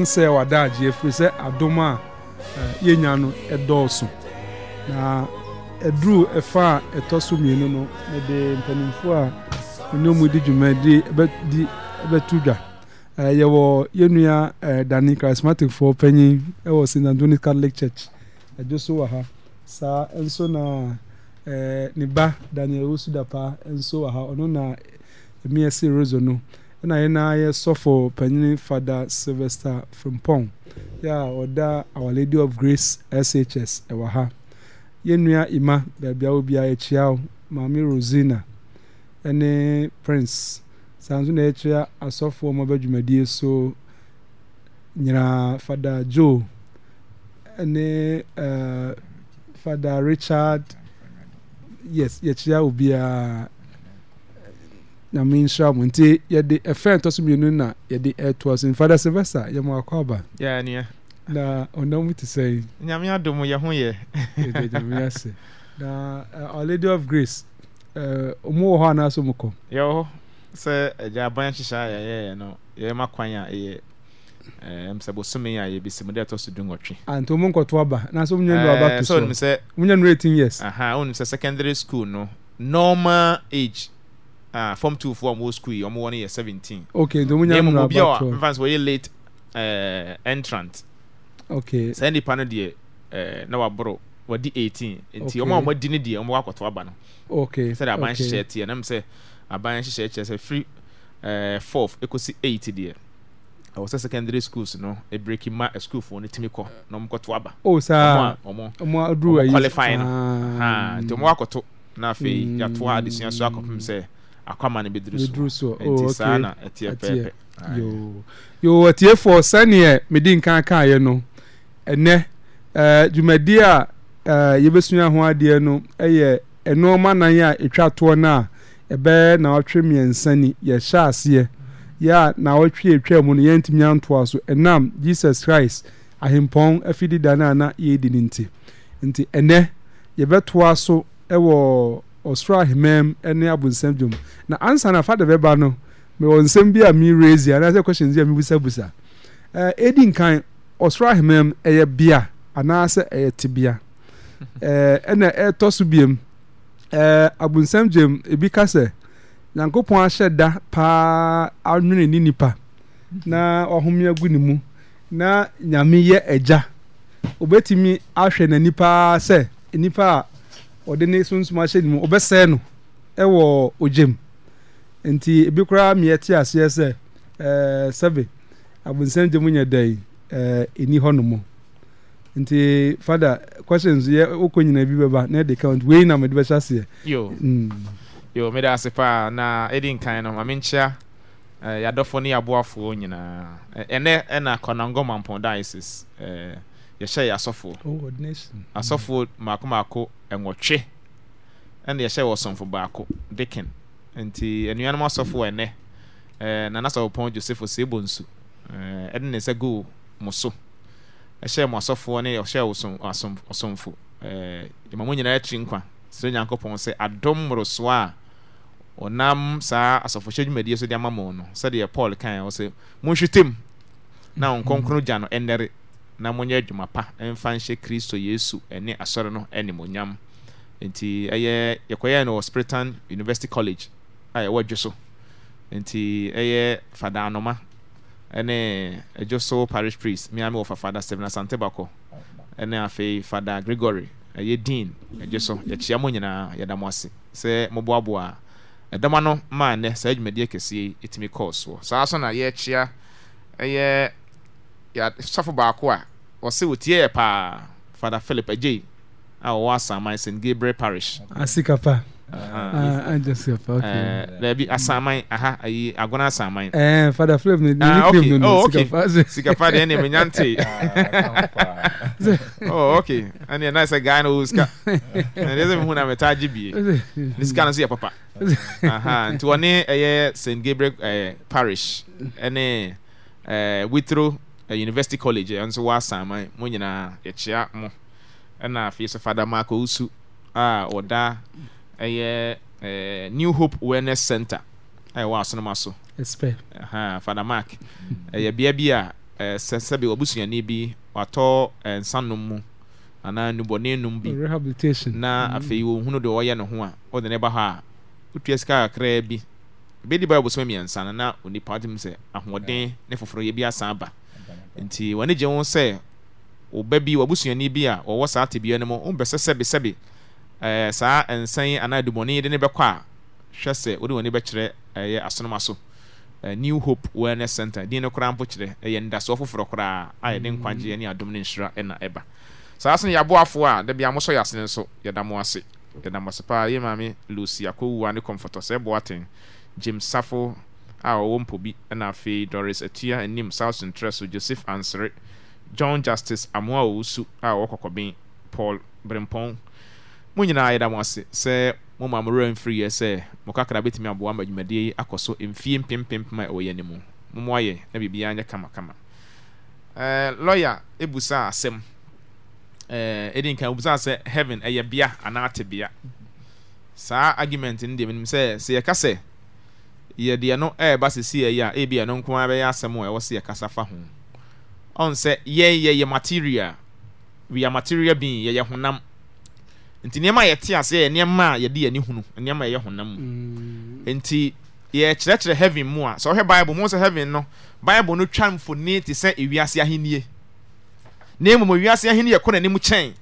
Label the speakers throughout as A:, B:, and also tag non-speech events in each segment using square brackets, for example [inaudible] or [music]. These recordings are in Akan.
A: nsɛ w'adagye efiri sɛ adom a eh, yɛnya no ɛdɔɔso na eduru ɛfa a ɛtɔ so mmienu no mede mpanimfoɔ a ɔne mu di dwumadi ɛbɛdi ɛbɛtu dwa eh, yɛwɔ yɛnua eh, dani charismaticfoɔ panyin ɛwɔ st anthony catholic church ɛdwo so wɔ ha saa nso na ne ba daniel wosu dapa nso wɔ ha ɔno na ɛmiɛse roso no na yɛn na yɛ sɔfo panyin fada sylvester frimpong yɛ a ɔda our lady of grace shs ɛwɔ ha yɛn nua ima baabi a obi a yɛkyia o maame rosina ɛne prince saa nso na yɛkyia asɔfo wɔn abɛ dwumadie so nyinaa fada joe ɛne ɛɛ uh, eh, fada richard yes yɛkyia obiara. namensam nti yɛde fɛ ɛtɔ sominuna yɛde tosfata seveste yɛkbtsɛ
B: namedo m yɛhoɛlady
A: of grace mɛa aban
B: hyehyɛɛɛ ɛɛmakwan ɛɛsmysɛɛs d tentmbɛɛt yesnsɛ secondary schoul no normal age uh, form two fo ɔmo school yi ɔmo wɔ no yɛ seventeen. okay nti mo nya mo bi a nfa late uh, entrant. okay saa nipa no deɛ uh, na waboro wɔdi eighteen nti ɔmo a ɔmo di ne deɛ ɔmo akɔtɔ aba no. okay sɛ de aban hyehyɛ teɛ nam sɛ aban hyehyɛ kyerɛ sɛ free uh, fourth ekosi eight deɛ ɛwɔ sɛ secondary school schools no ebreki breaking schoolfoɔ school for kɔ na ɔmo kɔtɔ aba. o saa ɔmo ɔmo aduru ayi ɔmo to oh, no ah. ah, nti ɔmo akɔtɔ na afei yatoa hmm. adesua so akɔpem sɛ. Mm akwama no bɛduru so nti oh, saa na ɛteɛ pɛɛpɛ
A: yoo atiefoɔ sɛneɛ mede nkaakaeɛ no ɛnɛ dwumadie a yɛbɛsua ho adeɛ no ɛyɛ ɛnoɔma nan a ɛtwa toɔ na a ɛbɛyɛ nawɔtwe mmiɛnsa ni yɛhyɛ aseɛ yɛ a nawɔtwe ɛtwa mu no yɛntumi antoa so enam jesus christ ahempɔn afidida no a na yɛredi no nti nti ɛnɛ yɛbɛtoa so ɛwɔ ɔsoro ahemam ne abonsam dwom na ansa na afa de bɛba no mewɔ nsɛm bi a merezi anaasɛ questions bi a mebusabusa ɛdi eh, nkan ɔsoro ahemam ɛyɛ bea anaasɛ ɛyɛ tebea [laughs] eh, ɛna ɛtɔ so biam eh, abonsam dwom ebi ka sɛ nyankopɔn ahyɛ da paa anwene ne nipa na ɔhome agu ne mu na nyame yɛ agya obetumi ahwɛ na nipa sɛ nipa a ɔde ne sunsum ahyɛ ne mu ɔbɛsɛɛ no ɛwɔ ogyem nti ebi koraa mmiɛte aseɛ sɛ ɛɛ sɛbe abonsɛn gye mu nyɛ dɛn ɛɛ ɛni hɔnom nti fada questions yɛ wokɔ nyinaa bi bɛba na ɛde count wei na mede bɛhyɛ aseɛ
B: yo mm. yo mede ase paa na ɛdi nkan no mame nkyea uh, yɛadɔfoɔ ne yɛaboafoɔ nyinaa ɛnɛ ɛna kɔnangoma mpɔn diocese uh, yɛhyɛ yɛ asɔfoɔ oh, mm-hmm. asɔfoɔ mako mako ɛnwɔtwe ɛna yɛhyɛ wɔ sɔnfo baako dikin nti anuanom asɔfoɔ ɛnɛ ɛɛ eh, nana sɔfopɔn joseph osebo nsu ɛɛ eh, ɛde ne nsa gu mo so ɛhyɛ mo asɔfoɔ ne yɛhyɛ wɔ sɔnfo ɛɛ eh, ɛma mo nyinaa ɛtiri nkwa sɛ nyankopɔn sɛ adom mmorosoɔ a ɔnam saa asɔfohyɛ dwumadie so de ama mo no sɛdeɛ paul kan ɛ wɔ sɛ monhwɛ na nkɔnkɔn gya no ɛnɛre na monyɛ adwuma pa mfa nhyɛ kristo yesu ne asɔre no animonyam nti ɛyɛ yɛkɔyɛ no wɔ spiritan university college a yɛwɔ adwo so nti ɛyɛ fada anoma ɛne adwo so parish priest mea me wɔfa fada seven asante bako ɛne afei fada gregory ɛyɛ dean adwo so yɛkyia mo nyinaa yɛda mo ase sɛ moboaboa ɛdɔm ano maa nnɛ saa adwumadeɛ kɛseɛ ɛtumi kɔɔ soɔ saa so na yɛkyia ɛyɛ yɛsɔfo baako a ɔsɛ wɔtie yɛ paa fada philip agye a wɔwɔ asaman st gabriel parish asikapa dabi asaman aha ayi agona asaman
A: eh, fada philip ne ne krim no sikapa sikapa deɛ ne
B: menya nte oh okay ɛne ɛna sɛ guy no wɔ sika ɛdeɛ sɛ mehu na mɛta agye bie ne sika no so yɛ papa nti wɔne ɛyɛ st gabriel eh, parish ɛne eh, witro uh, university college ɛno eh, nso wɔ asaman mo nyinaa yɛkyea mo ɛna afei so fada marco usu a ɔda ɛyɛ eh, new hope Awareness center a ɛwɔ asonoma so fada mark ɛyɛ bea bi a eh, sɛ sɛbi wabusuani bi watɔ nsanom mu anaa nnubɔne num bi na mm-hmm. afei wɔhunu deɛ ɔyɛ ne ho a ɔde ne ba hɔ a wotua sika kakraa bi bɛdi ba yɛ bosoma mmiɛnsa no na onipa wotem sɛ ahoɔden ne foforɔ yɛ bi asan aba nti wɔne gye ho sɛ ɔba bi wabusuani bi a ɔwɔ saa tebea no mu ɔmpɛ sɛ sɛbesɛbe ɛɛ saa nsan anaa adumɔne de ne bɛkɔ a hwɛ sɛ wode wɔne bɛkyerɛ ɛyɛ asonoma so Uh, new hope wellness center din no koraa mpo kyerɛ ɛyɛ ndasoɔ foforɔ koraa a yɛde nkwagyeɛ mm. ne adom ne nhyira ɛna ɛba saa so no yɛaboafoɔ a da bia mosɔ nso yɛda mo ase yɛda mo ase paa yɛ maame lucy akɔwua ne comfortɔ sɛ boaten jim safo a ɔwɔ mpobi na afei doris Etia anim south central so joseph ansere john justice amoa owusu a ɔwɔ kɔkɔben paul brempɔn mo nyinaa yɛda mo ase sɛ mo ma mmerɛ mfiri yɛ sɛ mo kakra bɛtumi aboa ma dwumadie yi akɔ so mfie mpempempem a ɛwɔ yɛ ne mu momo ayɛ na biribiara nyɛ kamakama ɛɛ eh, lɔya ebusa asɛm ɛɛ eh, edi nkan ebusa sɛ heaven ɛyɛ bea anaa te bea saa argument no deɛ menim sɛ sɛ yɛka sɛ yɛdeɛ no ɛreba eh, sisi yɛ yi a ebi eh, ɛno nko ara bɛyɛ asɛm a ɛwɔ sɛ yɛkasa fa ho ɔn sɛ yɛn yɛyɛ material we are material being yɛyɛ honam nti nneɛma a yɛte ase yɛ eh, nneɛma a yɛde yɛn hunu nneɛma a yɛyɛ honam mu mm. nti yɛkyerɛkyerɛ heaven mu a sɛ ɔhwɛ bible mu sɛ heaven no bible no twa mfoni te sɛ ewiase ahennie na mmom ewiase ahennie kɔ n'anim kyɛn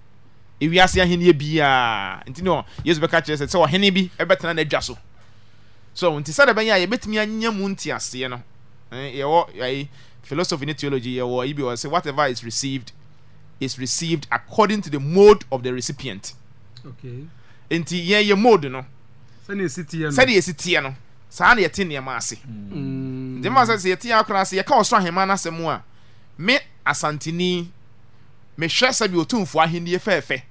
B: ewiase ahennie biara nti no yesu bɛka kyerɛ sɛ sɛ ɔhene bi ɛbɛtena n'adwa so so nti sɛ dɛbɛnyɛ a yɛbɛtumi anya mu nti aseɛ no eh, yɛwɔ ayi philosophy ne theology yɛwɔ yi bi wɔ sɛ whatever is received is received according to the mode of the recipient okay. nti yɛn yɛ mode no sɛdeɛ esi teɛ no sɛdeɛ esi teɛ no saa na yɛte nneɛma ase mm. nti mma sɛ sɛ yɛte akora ase yɛka ɔsoro ahema n'asɛm a me asantini mehwɛ sɛbi otumfo ahenni fɛɛfɛ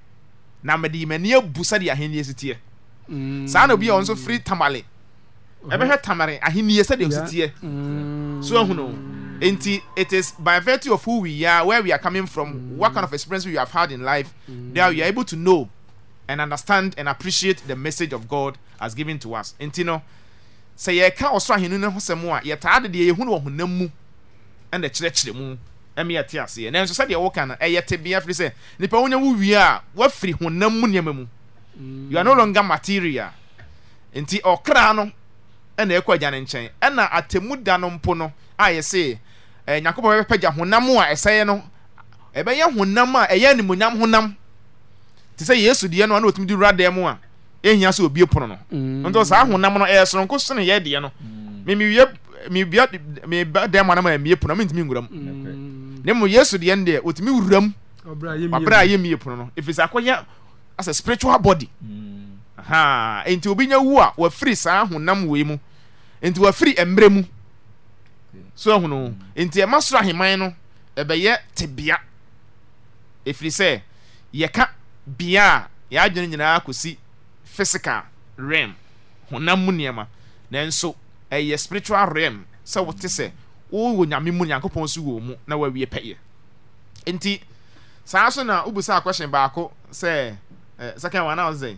B: na mede m'ani abu sɛdeɛ ahenni esi teɛ mm. saa na obi a ɔno nso firi tamale. ɛbɛhwɛ tamare ahenniɛ sɛdeɛ ositeɛ mm. so ahunu nti it is by virtue of who we are where we are coming from what kind of experience we have had in life mm. that we are able to know and understand and appreciate the message of God has given to us nti no sɛ yɛka ɔsoro ahenni no ho sɛm a yɛtaa de deɛ yɛhunu wɔ honam mu ɛna kyerɛkyerɛ mu ɛmi yɛ te aseɛ nanso sɛdeɛ wɔka no ɛyɛ tebea firi sɛ nipa wonya wo wie a wafiri honam mu nneɛma mu mm. you are no longer material nti ɔkra no ɛna ɛkɔ agya ne nkyɛn ɛna atemu da no mpo no a yɛse ɛɛ eh, nyakobɔ bɛpɛgya honam a ɛsɛɛ no ɛbɛyɛ honam a ɛyɛ animonyam honam te sɛ yesu deɛ no a na otumi di wura dan mu a ehia sɛ obie pono no mm. nti saa honam no ɛyɛ soronko sene yɛ deɛ no mimiwie mibia miba dan mu anam a mie pono mi ntumi nwura mu mm. ne mu yesu deɛ no deɛ otumi wura mu wabra a yɛ pono no efisɛ akɔyɛ as a spiritual body mm. nti obi nya wu a wafiri saa honam wei mu nti wafiri mmerɛ mu so ahono nti ɛma soro aheman no ɛbɛyɛ tebea ɛfiri sɛ yɛka bea a yɛadwene nyinaa kɔsi physical rem honam mu nneɛma nanso ɛyɛ spiritual rem sɛ wote sɛ wowɔ nyame mu nyankopɔn so wɔ mu na wawie pɛyɛ nti saa so na wobu sɛ akɔhyen baako sɛ second one na wo sɛ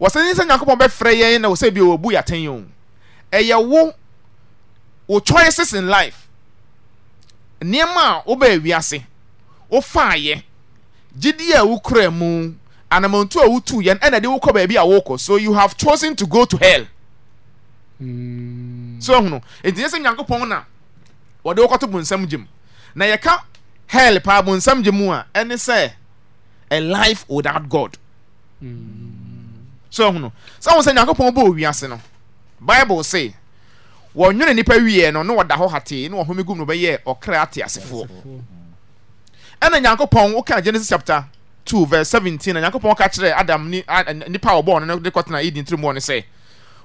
B: wsɛ sɛ onyankopɔn bɛfrɛ yɛnw sbɔbu yɛatyɛ ɛyɛwo wo choices in life nnoɔma a wobaa wiase wofay gyedia wokr mu anamntwoyɛnɛndwobaabaw so you a chosen to go to hell mm. soh ntiyɛ sɛ nyankopɔn na wɔde woto bonsm gym na yɛka hell paa bonsm gyemu a ɛne sɛ a life without god mm. sɛu sɛ nyankopɔn bɔɔwi ase no bible se wɔwene nnipa wie no neɔda hɔ te nyɛ ɔkra teasefoɔ ɛna nyankopɔn woka genesis chap217nanopɔ akerɛ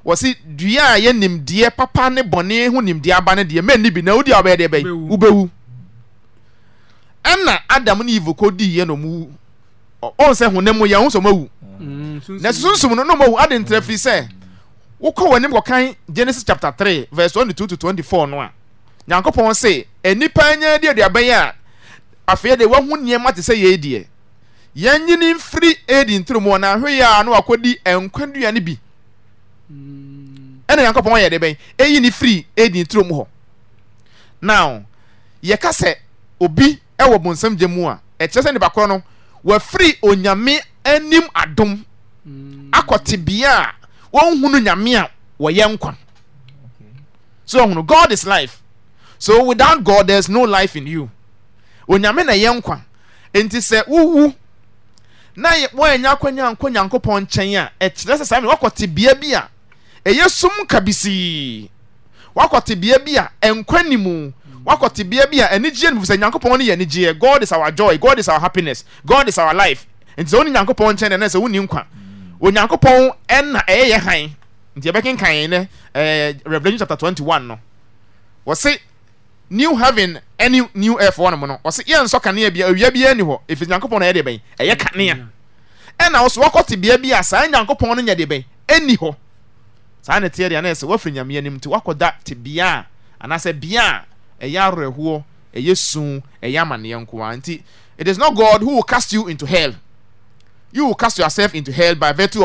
B: ɔsɛɔse ayɛnideɛ ap n ɔnneɛ Mm, na sunsun no na ɔmo awu adi ntɛrɛ fi sɛ wokɔ wɔn anim kɔkan genesis chapter three verse twenty two to twenty four no a nyankopɔn se enipa nyɛ deɛ deɛ abɛyɛ a afei de wɔn ho nneɛma te sɛ yɛn deɛ yɛn nyini mfiri edi nturumu na ahwɛ yɛ a no akɔdi nkwa duane bi mm. ɛna nyankopɔn yɛ de bɛn eyi ne firi edi nturumu hɔ now yɛka sɛ obi ɛwɔ bonsam gye mu a ɛkyerɛ sɛ nipa korɔ no wafiri onyame naktebea mm. a wɔnhu nu nyame aɔyɛ nkwasgislis nka nti sɛ wowu nawnya knyankɔ nyankopɔn nkyɛne a kyerɛ sɛsa waktebea bi yɛsm nka bisiiateb bi nkwa nimuwatbi mm. ngynf s nyankopɔn noyɛngyeɛgis ou jois ou happiness gis our lif one nyankpɔn kyɛ d ɛwoni nkwa nyankopɔn na yɛ aka evation ca2 eea eyankpɔ hoaso o as yousef into hel bveto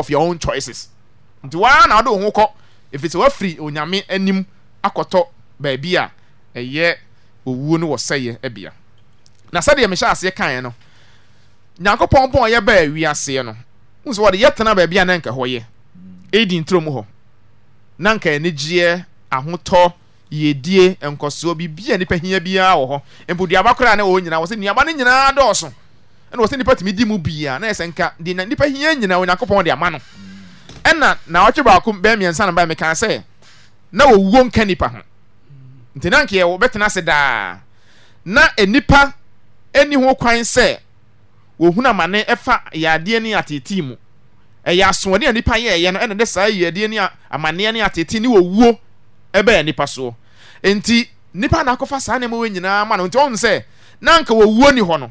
B: you ceɛaɔɛ ɛna wɔsɛ nipa tumi di mu bia na ɛsɛ nka di na nipa hiya nyina onyankopɔn de ama no ɛna na ɔtwe baako bɛɛ mmiɛnsa na ba mi kan sɛ na wɔwuo nka nipa ho nti na nkeɛ wɔbɛtena ase daa na nipa ɛni ho kwan sɛ wɔhunu amane ɛfa yadeɛ ne atete mu ɛyɛ asoɔden a nipa yɛɛyɛ no ɛna de saa yadeɛ ne amaneɛ ne atete ne wɔwuo ɛbɛyɛ nipa soɔ nti nipa na akɔfa saa nneɛma wɔ nyinaa ma no nti ɔn sɛ na nka wɔwuo ni hɔ no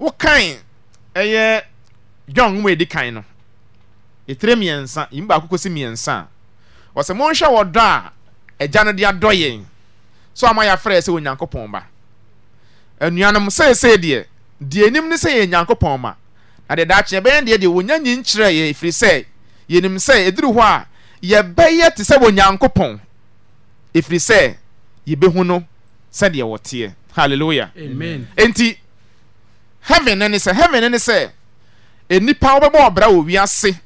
B: wokan ɛyɛ john nwoma edi kan no etire mmiɛnsa yi baako kɔsi mmiɛnsa wɔsɛ monhwɛ wɔ dɔ a ɛgya no de adɔ yɛn so ama yɛafrɛ sɛ onyankopɔn ba anuanom seesei deɛ deɛ anim ne sɛ yɛ nyankopɔn ma na deɛ daakye ɛbɛyɛ deɛ deɛ wɔnya nyi nkyerɛ yɛ ɛfiri sɛ yɛnim sɛ ɛduru hɔ a yɛbɛyɛ te sɛ onyankopɔn ɛfiri sɛ yɛbɛhu no sɛdeɛ wɔteɛ halleluya amen enti heaven ne sɛ heaven ne sɛ enipa wɔbɛbɔ ɔbra wɔ wiase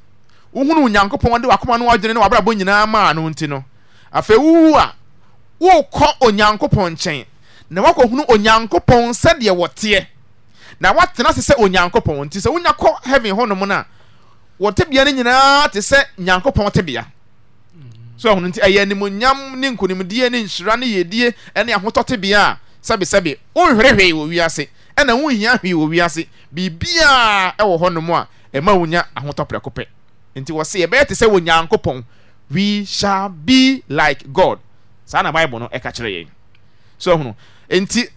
B: wohunu onyankopɔn de wakoma no wadwene ne wabrabɔ nyinaa maa no nti no afei wuwu a wokɔ onyankopɔn nkyɛn na wakɔhunu onyankopɔn sɛdeɛ wɔteɛ na watena se sɛ onyankopɔn nti sɛ wonya kɔ heaven hɔnom no a wɔtebea no nyinaa te sɛ nyankopɔn tebea so ɛhono nti ɛyɛ animonyam ne nkonimdie ne nhyira ne yɛdie ne ahotɔ tebea a sɛbesɛbe wonhwerehwee wɔ wiase ɛna wo hia hwee wɔ wiase biribiaa ɛwɔ hɔnom a ɛma wonya ahotɔprɛko pɛ nti wɔse yɛbɛyɛ te sɛ onyankopɔn we shall be like god saa na bible no ɛka kyerɛ yɛn so ɛhono nti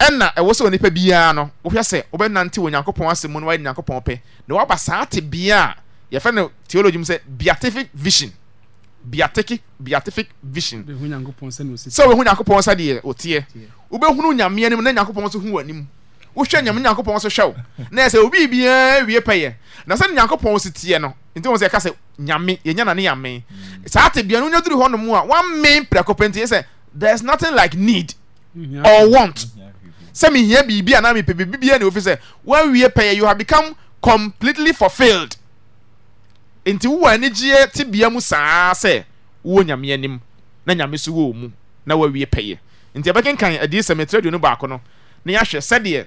B: ɛna ɛwɔ sɛ onipa biara no wohwɛ sɛ wobɛnante onyankopɔn asɛm mu no wayɛ nyankopɔn pɛ na woaba saa te bea a yɛfɛ no theology mu sɛ beatific vision beatific beatific vision sɛ wobɛhu nyankopɔn sɛdeɛ ɔteɛ wobɛhunu nyameɛ no mu na nyankopɔn nso hu w'anim wohwɛ nyame nyankopɔn so hwɛ wo na sɛ obi biaa wie pɛyɛ na sɛne nyankopɔn so teɛ no nti wo sɛ ɛka sɛ nyame yɛnya nane yame saa te bia no wonya duru hɔ no mu a woame prɛko nti sɛ there's nothing like need or want sɛ mehia biribi anaa mepɛ biribibia ne wofi sɛ woawie pɛyɛ you have become completely fulfilled nti wowɔ anigyeɛ te bia mu saa sɛ wowɔ nyame anim na nyame so wɔ mu na woawie pɛyɛ nti ɛbɛkenkan adiisɛm ɛtwerɛ aduonu baako no na yɛahwɛ sɛdeɛ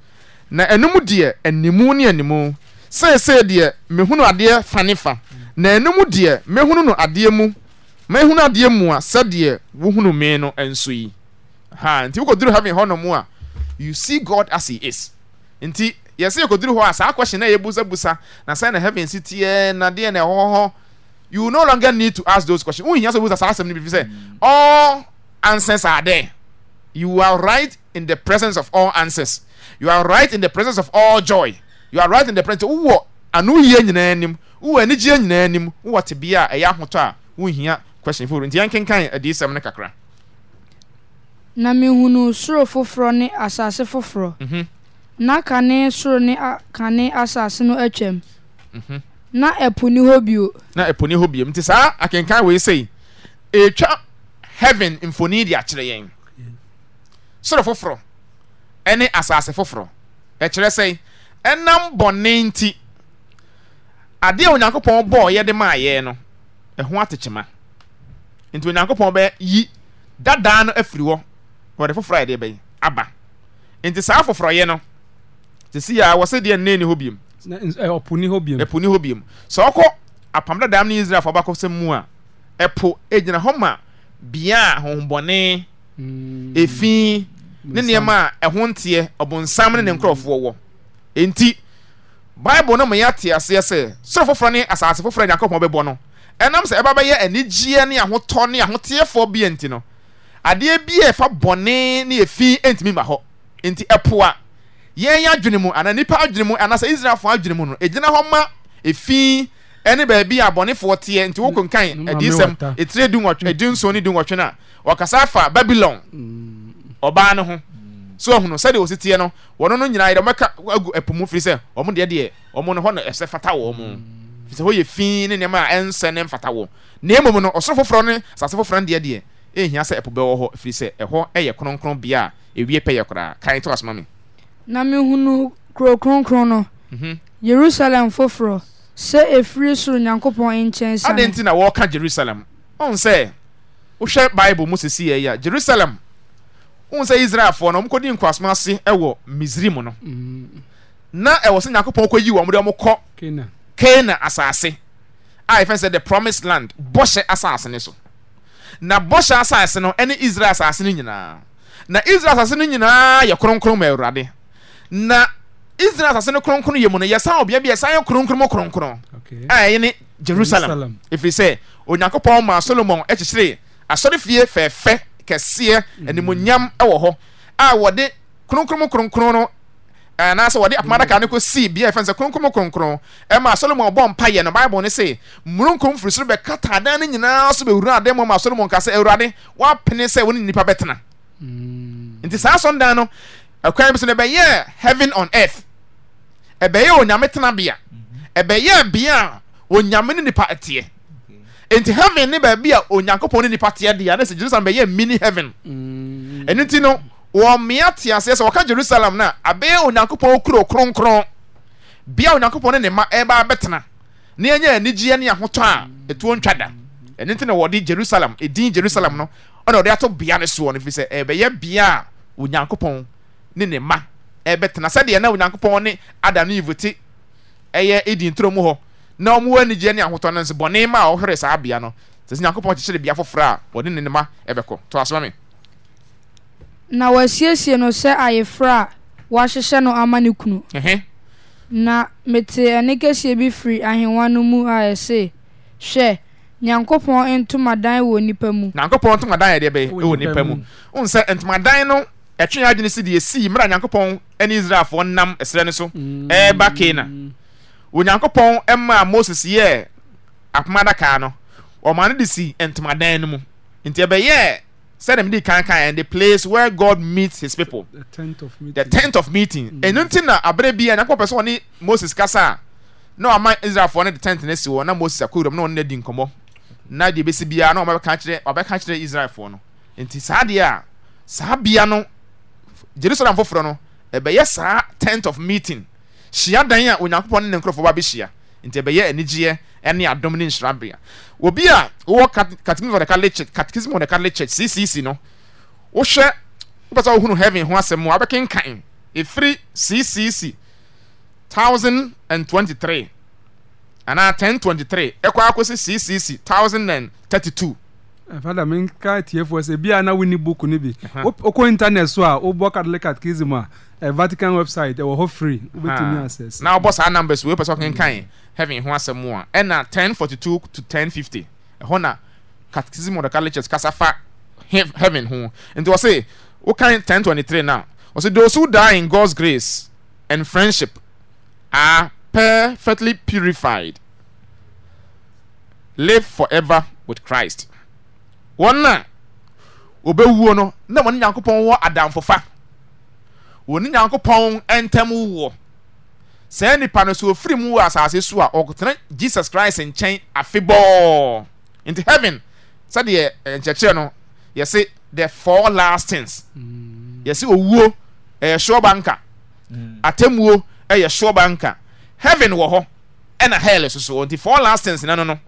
B: naɛnom deɛ animu ne animu sɛsɛ deɛ mahunu adeɛ fane fa nanm de mdɛmua sɛden sithe peseeofans righ in the presence of all joy wowɔ anoyie nyinaa anim wowɔ anigyea nyinaa nim wowɔ tebea a ɛyɛ aho tɔ a wohia quesion fonti ɛnkenkan adisɛm no kakra
C: mehunusoro foforɔ ne asase foforɔ mhm. nakansorkan asase no atwam n pnh inpni
B: hɔ bio nti saa akenkan wei si twa haven mfnii deakyerɛ yɛn soro foforɔ ne asase foforɔ ɛkyerɛ sɛ ɛnam bɔne nti adeɛ a onyankopɔn bɔɔ yɛde maa yɛ no ɛho atekyema nti onyankopɔn bɛ yi dadaa no afiri hɔ wɔde foforɔ a yɛde bɛyi aba nti saa foforɔyɛ no sisi a wɔsɛ deɛ nne ni hɔ biem ɛpo ni hɔ biem ɛpo ni hɔ biem sɛ ɔkɔ apam dadaa ne israelfo ɔbakɔ sɛ mu a ɛpo egyina hɔ ma bia ahohombɔne mm. efi. Mm ne nneɛma a ɛho nteɛ ɔbonsam ne ne nkurɔfoɔ wɔ enti bible no meyɛ ate aseɛ sɛ soro foforɔ ne asase foforɔ nyankopɔn bɛbɔ no ɛnam sɛ ɛba bɛyɛ anigyeɛ ne ahotɔ ne ahoteɛfoɔ bia nti no adeɛ bi a ɛfa bɔne ne efi ntumi ma hɔ nti ɛpo a yɛn adwene mu anaa nipa adwene mu anaa sɛ israelfoɔ adwene mu no egyina hɔ ma efi ɛne baabi a abɔnefoɔ teɛ nti wɔkɔ nkan ɛdi mm. mm. sɛm mm. etire du nwɔtwe ɛdi nson ne du nwɔtwe na wɔkasa afa babylon. ɔbaa no ho hmm. so ɔhunu sɛdeɛ wɔsi teɛ no wɔn no nyinaa yɛrɛ mɛka agu ɛpo mu firi sɛ ɔmo deɛ deɛ no hɔ fata hmm. firi sɛ hɔ yɛ a ɛnsɛ ne mfata na emom no ɔsoro foforɔ ne sase foforɔ deɛ deɛ ehia sɛ ɛpo hɔ firi sɛ ɛhɔ ɛyɛ kronkron bea a ewie pɛ yɛ koraa kan to asoma mi.
C: na mihunu kuro kronkron no mhm. yerusalem foforɔ sɛ efiri soro nyankopɔn nkyɛn
B: wọn sɛ israelfoɔ no wɔn di nkwasoma ase wɔ misrim no na ɛwɔ sɛ nyakopɔn kɔ yi wɔn de wɔn kɔ kena asase a yɛfɛ sɛ the promised land bɔhyɛ asase ne so na bɔhyɛ asase no ne israel asase no nyinaa na israel asase no nyinaa yɛ kronkron ma awurade na israel asase no kronkron yɛ mu no yɛsan ɔbea bi yɛsan yɛ kronkron mu kronkron a ɛyɛ ne jerusalem ɛfiri sɛ onyankopɔn maa solomon akyekyere asɔrefie fɛɛfɛ wɔhɔwɔde kr krepdaɔsib sɛ kr k ma solomon ɔbɔ mpayɛ nobiben sɛ mo firi soro bɛka taadan no nyinaa s bɛurad ɔa solomon asɛ wrewpe sɛ wenipensaa sndn aɛyɛ haven o earthyɛaeɛɛa nti heaven ni baabi a onyankopɔn ne nipa teɛ deɛ ne sɛ jerusalem bɛyɛ mini heaven mm. ɛno ti no wɔn mmea te aseɛ sɛ wɔka jerusalem na abɛyɛ onyankopɔn kuro kronkron bia onyankopɔn ni ne ma ɛreba abɛtena na yɛnyɛ anigyeɛ ne ahotɔ a etuo ntwa da ɛno ti na wɔde jerusalem edin jerusalem no ɔna ɔde ato bea ne soɔ no fi sɛ ɛbɛyɛ bea onyankopɔn ne ne ma ɛbɛtena sɛdeɛ na onyankopɔn ne adam ne ivo ti ɛyɛ edi ntoro mu hɔ na ɔmo wɔ anigyeɛ ne ahotɔ no nso bɔne ma a ɔhwere saa bea no sɛ sɛ nyankopɔn kyekyere bea foforɔ a wɔde ne nema ɛbɛkɔ to asoma
C: me na wasiesie no sɛ ayefra a wahyehyɛ no ama ne kunu na mete ɛne kɛseɛ bi firi ahengua no mu a ɛse hwɛ nyankopɔn ntomadan wɔ nipa mu
B: nyankopɔn ntomadan yɛ deɛ bɛyɛ ɛwɔ nipa mu n sɛ ntomadan no ɛtwe adwene si deɛ sii mmerɛ a nyankopɔn ne israelfoɔ nam ɛserɛ no so ɛɛba mm. kena onyankopɔn ɛmaa moses yɛ apoma adaka no ɔmo ano de si ntomadan no mu nti ɛbɛyɛ sɛdeɛ mede kankan ɛn the place where god meets his people the tent of meeting the tent of meeting mm. ɛnu ti na abere bi a nyankopɔn pɛ sɛ ɔne moses kasa na ɔma israelfoɔ no de tent no si hɔ na moses akɔ ewuram na ɔne di nkɔmɔ na deɛ ebesi biara na ɔbɛka kyerɛ ɔbɛka kyerɛ israelfoɔ no nti saa deɛ a saa bia no jerusalem foforɔ no ɛbɛyɛ saa tent of meeting hyia dan a onyankopɔn ne ne nkurɔfoɔ ba bɛhyia nti ɛbɛyɛ anigyeɛ ɛne adom ne nhyirabea obi a wowɔ catechism of the catholic church catechism of the catholic church ccc no wohwɛ wopɛ sɛ wohunu heaven ho asɛm mu a wobɛkenkan ɛfiri ccc 1023 anaa 1023 ɛkɔ akɔsi ccc 1032 Eh, fada mi nka
A: tiefoɔ sɛ bia na woni book no bi wokɔ internet so a wobɔ catholic catechism a uh, eh, vatican website ɛwɔ eh, hɔ free wobɛtumi access na
B: wobɔ saa numbers wei pɛ sɛ wokenkan heaven ho asɛm mu a ɛna 1042 to 1050 ɛhɔ na catechism of the catholic church kasa fa heaven ho nti wɔ se wokan 1023 no a ɔsɛ those who die in god's grace and friendship are perfectly purified live forever with christ wɔn na ɔbɛwuo no na wɔne nyankopɔn wɔ adamfofa wɔ ne nyankopɔn ntɛm woɔ saa nnipa no sɛ ɔfiri mu wo asase so a ɔkotena jesus christ nkyɛn afebɔɔ nti heaven sɛdeɛ eh, nkyɛkyerɛ no yɛse the fr lastins mm. yɛse ɔwuo yɛ soɔ banka mm. atemmuo yɛ soɔ banka heaven wɔ hɔ ɛna hel sosoɔntifrlstnsn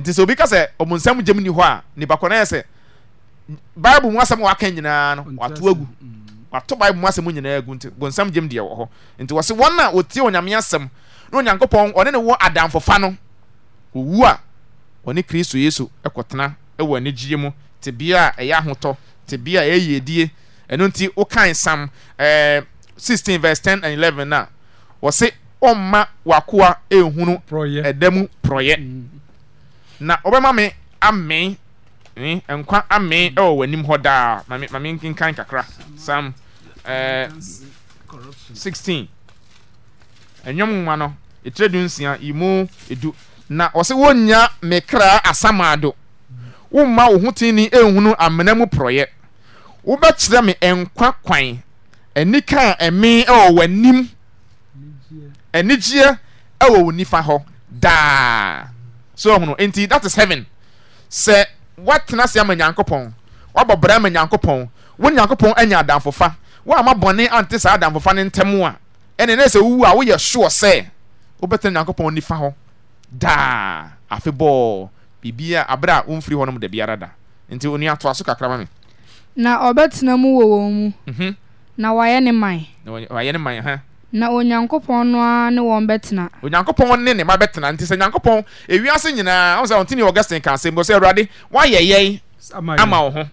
B: ntisɛ obi ka sɛ ɔbɔnsam gyem ni hɔ a niakneyɛ sɛ bible mu asmwka nyinaa ɔtie nyame sɛm nonyankpɔnɔnenewɔ adamfofa no ɔwu ɔne kristo yesu kɔtena wɔ negyee mu tbaa ɛyɛ ahot tbaɛyɛi ɛnonti wo ka sam6 v10 11a ɔse ɔmma wakoa un dm prɔyɛ na ɔbɛma me ame nkwa ame ɛwɔ e, w'anim hɔ daa Maame Maame Nkankan kakra sam ɛɛ eh, sixteen ɛnwom nwoma no etire du nsia imu edu na ɔsɛ wonya mekra asamaado womma wo ho tinni ehunu amena mu porɔyɛ wobɛkyerɛ me nkwa kwan ɛnika a ɛme ɛwɔ e, w'anim anigyeɛ ɛwɔ e, wo nifa hɔ daa. sonti thatis heaven sɛ woatena seama nyankopɔn woabɔbra ma nyankopɔn wo nyankopɔn anya adamfofa woamabɔne ante saa adamfofa no ntɛm a ɛnenesɛ wowu a woyɛ soɔ sɛ wobɛtena nyankopɔn nifa hɔ daafbɔeɛwomfir hɔodabaradantiontoaso akraamn
C: ɔbɛtenamwɔwɔ muɛ mhm. na onyankopɔn no ara ne wɔn bɛtena.
B: onyankopɔn ne ne ma bɛtena nti sɛ nyankopɔn ewiase nyinaa ɔn sɛ ɔn ti ni augustine kan se mbɔ sɛ awurade wayɛ yɛn ama wɔn ho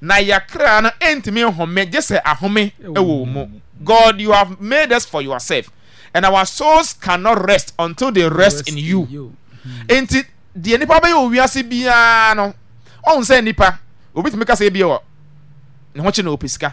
B: na yakra no ɛntumi nhome gye sɛ ahome ɛwɔ mu god you have made us for yourself and our souls cannot rest until they rest, in you. In Enti mm-hmm. deɛ nipa bɛyɛ owiase biara no ɔn sɛ nipa obi tumi kasa ebi wɔ ne ho kye na ope sika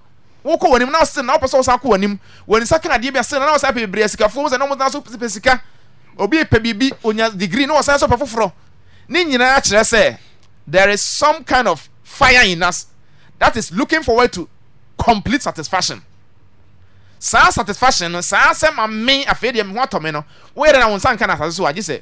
B: woɔnɛsaseɛ ofoɔ ne yinaa kyerɛ sɛ there is some kin of fire inas that is looking fowar to complete satisfaction saa satisfaction no saasɛ ma me afeide me ho atɔme no woyɛɛskansse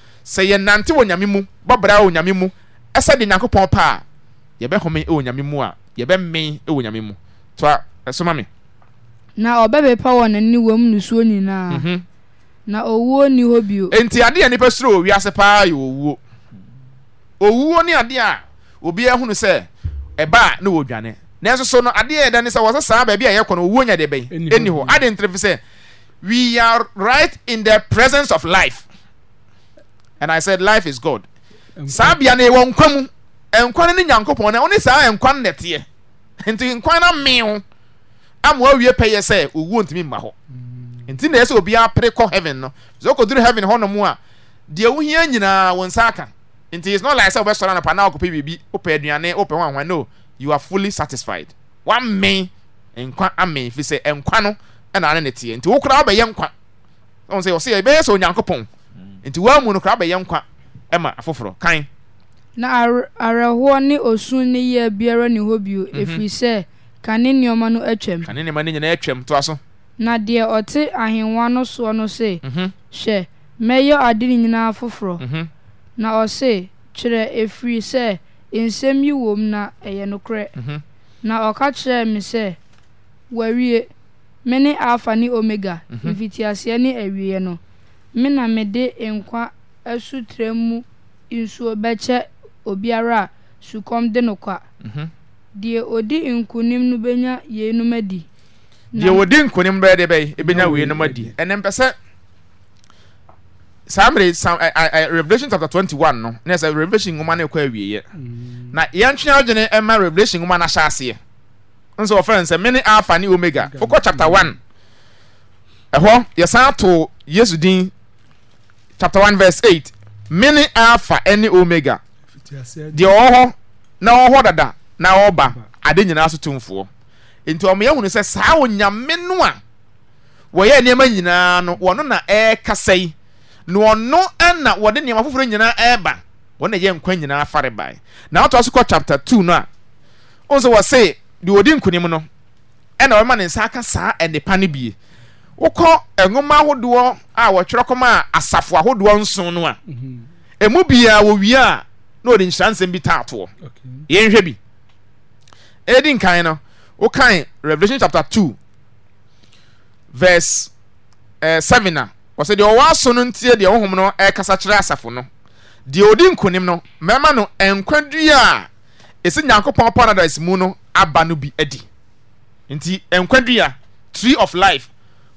B: sɛ yɛ nante wɔ nyame mu bɔbra wɔ nyame mu ɛsɛ de nyankopɔn pa a yɛbɛhome wɔ nyame mu a yɛbɛme wɔ nyame mu toa ɛsoma me
C: na ɔbɛbɛpa wɔ n'ani wɔ mu nusuo nyinaa mhm. na owuo ni hɔ bio enti
B: adeɛ nipa suro wiase paa yɛ owuo owuo ne adeɛ a obiara ahunu sɛ ɛbaa ne wɔdwane nanso so no adeɛ yɛ dɛ ne sɛ wɔsɛ saa baabi a yɛkɔ no owuo nya de bɛyi ɛni hɔ ade ntere we are right in the presence of life s ie is gsaw nkwa mu nkwan ne yankopɔn e sa nkwa ntɛti nkwanmeɛo yina saka a nti woamu no kora bɛyɛ nkwa ma afoforɔ kan
C: na awerɛhoɔ ne osu ne yɛ biara ne hɔ bio mhm. ɛfiri sɛ kane nneɔma no atwam kane
B: nneɔma no nyinaa atwam toa so
C: na deɛ ɔte ahenwa no soɔ no se mhm. hyɛ mɛyɛ ade ne nyinaa foforɔ mhm. na ɔse kyerɛ ɛfiri sɛ nsɛm yi wom na ɛyɛ nokorɛ na ɔka kyerɛɛ me sɛ wawie me ne alfa ne omega mfitiaseɛ ne awieɛ no me na mede nkwa asutire mu nsuo bɛkyɛ obiara a sukɔm de no kwa mhm. deɛ odi nkonim no bɛnya yeinom adi
B: deɛ wɔdi nkonim di de bɛyɛ ebɛnya weinom adi ɛnɛ mpɛ sɛ saa mmere sam ɛ ɛ chapter 21 no na ɛsɛ revolution nwoma na ɛkɔ awieɛ mm. na yɛntwe adwene ɛma revolution nwoma na ahyɛ aseɛ nso wɔfrɛ nsɛ mene alpha ne omega okɔ chapter one ɛhɔ yɛsan ato yesu din chap1 mene afa ne omega deɛ ɔɔ hɔ na wɔhɔ dada na ɔba ade nyinaa sotomfoɔ nti ɔmayɛhu nu sɛ saa onyame no a wɔyɛ nnoɔma nyinaa no ɔno na ɛɛkasɛyi naɔno na wɔde nneɛma foforɔ nyinaa ɛɛba wɔna yɛ nkwa nyinaa fare bae na woto so kɔ chapta t no a so wɔ se deɛwɔde nkonim no ɛna ɔma ne nsa ka saa ɛne pa no bie wokɔ nwoma ahodoɔ a wɔtwerɛ kɔma a asafo ahodoɔ nson no a ɛmu mhm. biara wɔwie a na wɔde nhyira nsɛm bi taatoɔ yɛnhwɛ bi ɛdi nkan no wokan revelation chapter 2 verse eh, 7 a wɔsɛ deɛ ɔwɔ aso no ntie deɛ honhom no ɛrekasa kyerɛ asafo no deɛ ɔdi nkonim no mmarima no nkwadua a ɛsi nyankopɔn paradise mu no aba no bi adi nti nkwadua tree of life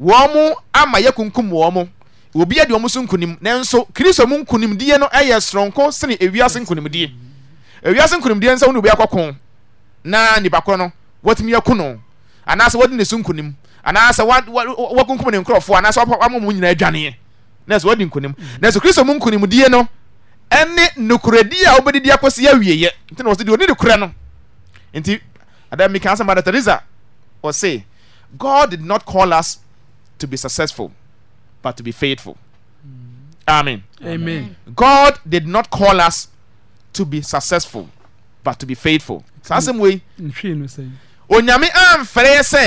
B: wɔn ama yɛ kunkum wɔn obi yɛ deɛ wɔn so nkunim nanso kristo mu nkunimdie no yɛ soronko sene ewiase nkunimdie ewiase nkunimdie nsa wɔn na obi akɔ na nipa korɔ no wɔtumi yɛ ko no anaasɛ wɔde ne so nkunim anaasɛ wɔkunkum ne nkorɔfoɔ anaasɛ wɔama wɔn nyinaa adwaneɛ nanso wɔde nkunim nanso kristo mu nkunimdie no ɛne nukuredi a wɔbɛdidi akɔsi awieɛ nti na wɔsi deɛ oni ne korɛ no nti adam mi kan sɛ mada teresa ɔse god did not call us asmei onyame amfrɛɛ sɛ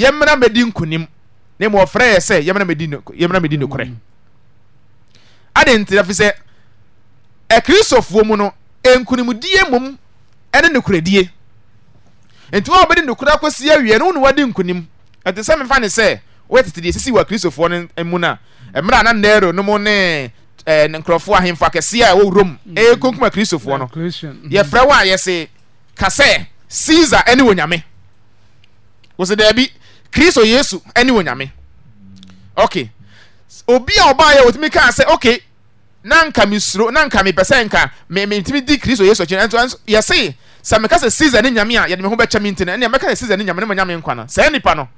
B: yɛmmramɛdi nkonim nmmɔfrɛɛ sɛ amdinekorɛ ade ntirɛ firi sɛ kristofuɔ mu no nkonimdie mom ɛne nekorɛdie ɛnti wo a wɔbɛdi nekora kɔsi awi no wonewadi nkonim ɛti sɛmemfa ne sɛ wɔtete deɛ sisi wɔ kristofoɔ no mu no a mmerɛ na nero no mu ne eh, nkurɔfoɔ ahemfa kɛseɛ a ɛwɔ rom ɛkunkum mm. eh, kristofoɔ no yɛfrɛ mm-hmm. wo a yɛse ka sɛ caesar ne wɔ nyame wo sɛ daabi kristo yesu ne wɔ nyame ok obi a ɔbaa yɛ wɔtumi kaa sɛ ok na nka mesuro na nka mepɛ sɛ nka metumi di kristo yesu akyi nso yɛse sɛ meka sɛ caesar ne nyame a yɛde me ho bɛkyɛ me nti no ɛneɛ mɛka sɛ caesar ne nyame ne ma nyame nkwa no saa nipa no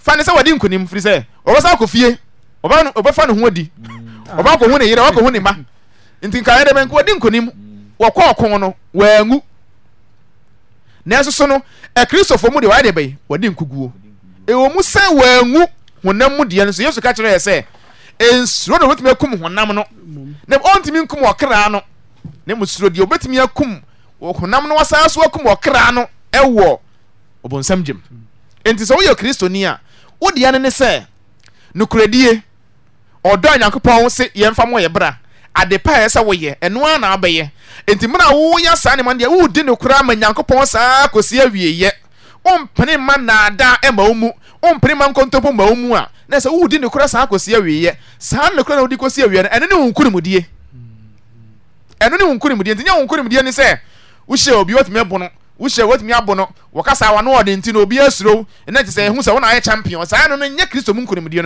B: fa ne sɛ wɔde nkonim firi sɛ ɔbɛsa akɔ fie ɔbɛfa ne ho adi mm. ɔbɛ akɔ ho ne yere ɔbɛkɔ ho ne ma nti nkaeɛ dɛ bɛnko wɔde nkonim wɔkɔ ɔko no wɔangu nanso so no akristofoɔ mu deɛ wɔayɛ deɛ bɛyɛ wɔde nkuguo ɛwɔ mu sɛ wɔangu honam mu deɛ no so yesu ka kyerɛ yɛ sɛ nsuro na obɛtumi akum honam no na ɔntumi nkum ɔkra no na mu suro deɛ obɛtumi akum honam no wasan so akum ɔkra no ɛwɔ ɔbɔnsam gyem mm. nti sɛ woyɛ kristoni a wodeɛ no ne sɛ nokoradie ɔdɔ nyankopɔn sɛ yɛmfa mo yɛ bra ade pa ɛsɛ woyɛ ɛno ara na abɛyɛ nti mmerɛ a woyɛ saa ne ma deɛ wodi no koraa ma nyankopɔn saa kɔsi awieyɛ wompene ma naadaa ma wo mu wompene ma nkontompo ma wo mu a na sɛ wodi no koraa saa kɔsi awieyɛ saa no na wodi kɔsi awieyɛ no ɛno ne wo nkonimdie ɛno ne wo nkonimdie nti nyɛ wo nkonimdie ne sɛ wohyɛ obi watumi bo no wosɛ watumi abo no wakasa wano ɔne nti no obisuro at ɛusɛwonaɛ chapionsan yɛ kristo m nkndi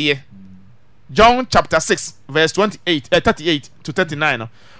B: ea ɛamenapeɛ jon hae 69o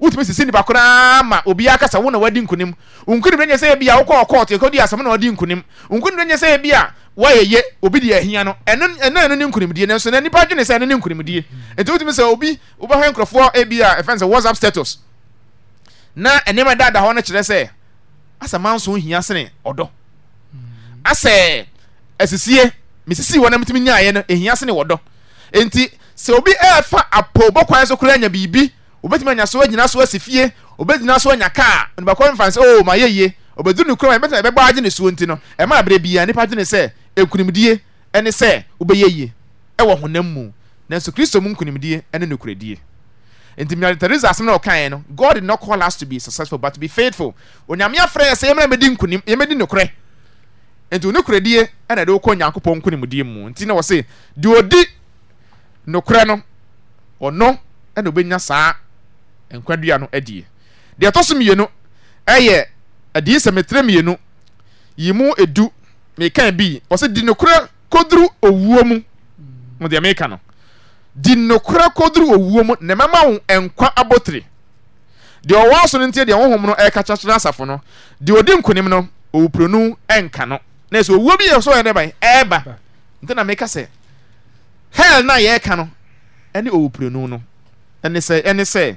B: wotumi sisi nipa koraa ma obi akasa wo na wadi nkunim nkunim na nyɛ sɛ ebi a wokɔ ɔkɔɔte ekɔ di asɛm na wadi nkunim nkunim na nyɛ sɛ ebi a wɔyɛ ye obi deɛ ɛhia no ɛno ɛno ɛno ne nkunimdie no nso na nipa adwene sɛ ɛno ne nkunimdie nti wotumi sɛ obi wobɛhwɛ nkurɔfoɔ ebi a ɛfɛn sɛ whatsapp status na nneɛma da da hɔ no kyerɛ sɛ asa manso hia sene ɔdɔ asɛ asisie mesisi wɔ na metumi nyaayɛ no ehia sene wɔdɔ nti sɛ obi ɛɛfa apɔ bɔkwan so koraa nya biribi obetumi anya so agyina so asi fie obegyina so anya kaa onibakɔ nfa sɛ oo oh, ma yɛ yie obedu ne kurom ɛbɛtena ɛbɛbɔ agye ne suo nti no ɛma abere bia nipa gye ne sɛ ekunimdie ɛne sɛ obɛyɛ yie ɛwɔ honam mu nanso kristo mu nkunimdie ɛne nokoredie nti mmea teresa asɛm na ɔkaeɛ no god did not call us to be successful but to be faithful onyame afrɛ yɛ sɛ yɛmɛ mɛdi nkunim yɛmɛdi nokorɛ nti nokoredie ɛna ɛde wokɔ nyankopɔn nkunimdie mu nti na wɔse deɛ odi nokorɛ no ɔno ɛna obɛnya saa nkwadua no adie deɛ ɛtɔ so mmienu ɛyɛ adiisɛm tire mmienu yi mu edu mekan bi wɔsɛ di nokura koduru owuo mu mo deɛ meka no di nokura koduru owuo mu ne mɛma wo nkwa abotire deɛ ɔwɔ aso no ntie deɛ honhom no ɛka kyakyere asafo no deɛ odi nkonim no owupronu ɛnka no na ɛsɛ owuo bi yɛ so yɛ dɛbɛn ɛɛba nti na meka sɛ hell na yɛɛka no ɛne owupronu no ɛne sɛ ɛne sɛ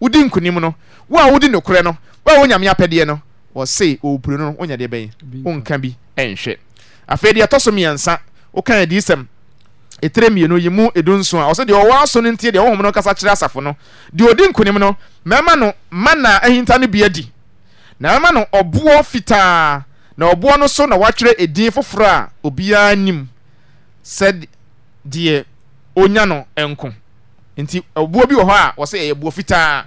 B: wodi nkunim no wo a wodi nokorɛ no wo a wo nyame apɛdeɛ no wɔse ɔwopuro no wonya deɛ bɛyɛ wonka bi ɛnhwɛ afei deɛ ɛtɔ so mmiɛnsa woka adiyisɛm ɛtire mmienu yi mu edu nson a ɔsɛ deɛ ɔwɔ aso no ntie deɛ ɔhom no kasa kyerɛ asafo no deɛ ɔdi nkonim no mmarima no mma na ahinta no bi adi na mmarima no ɔboɔ fitaa na ɔboɔ no so na wɔatwerɛ edin foforɔ a obiara nim sɛ deɛ onya no nko nti ɔboɔ bi wɔ hɔ a wɔsɛ ɛyɛ boɔ fitaa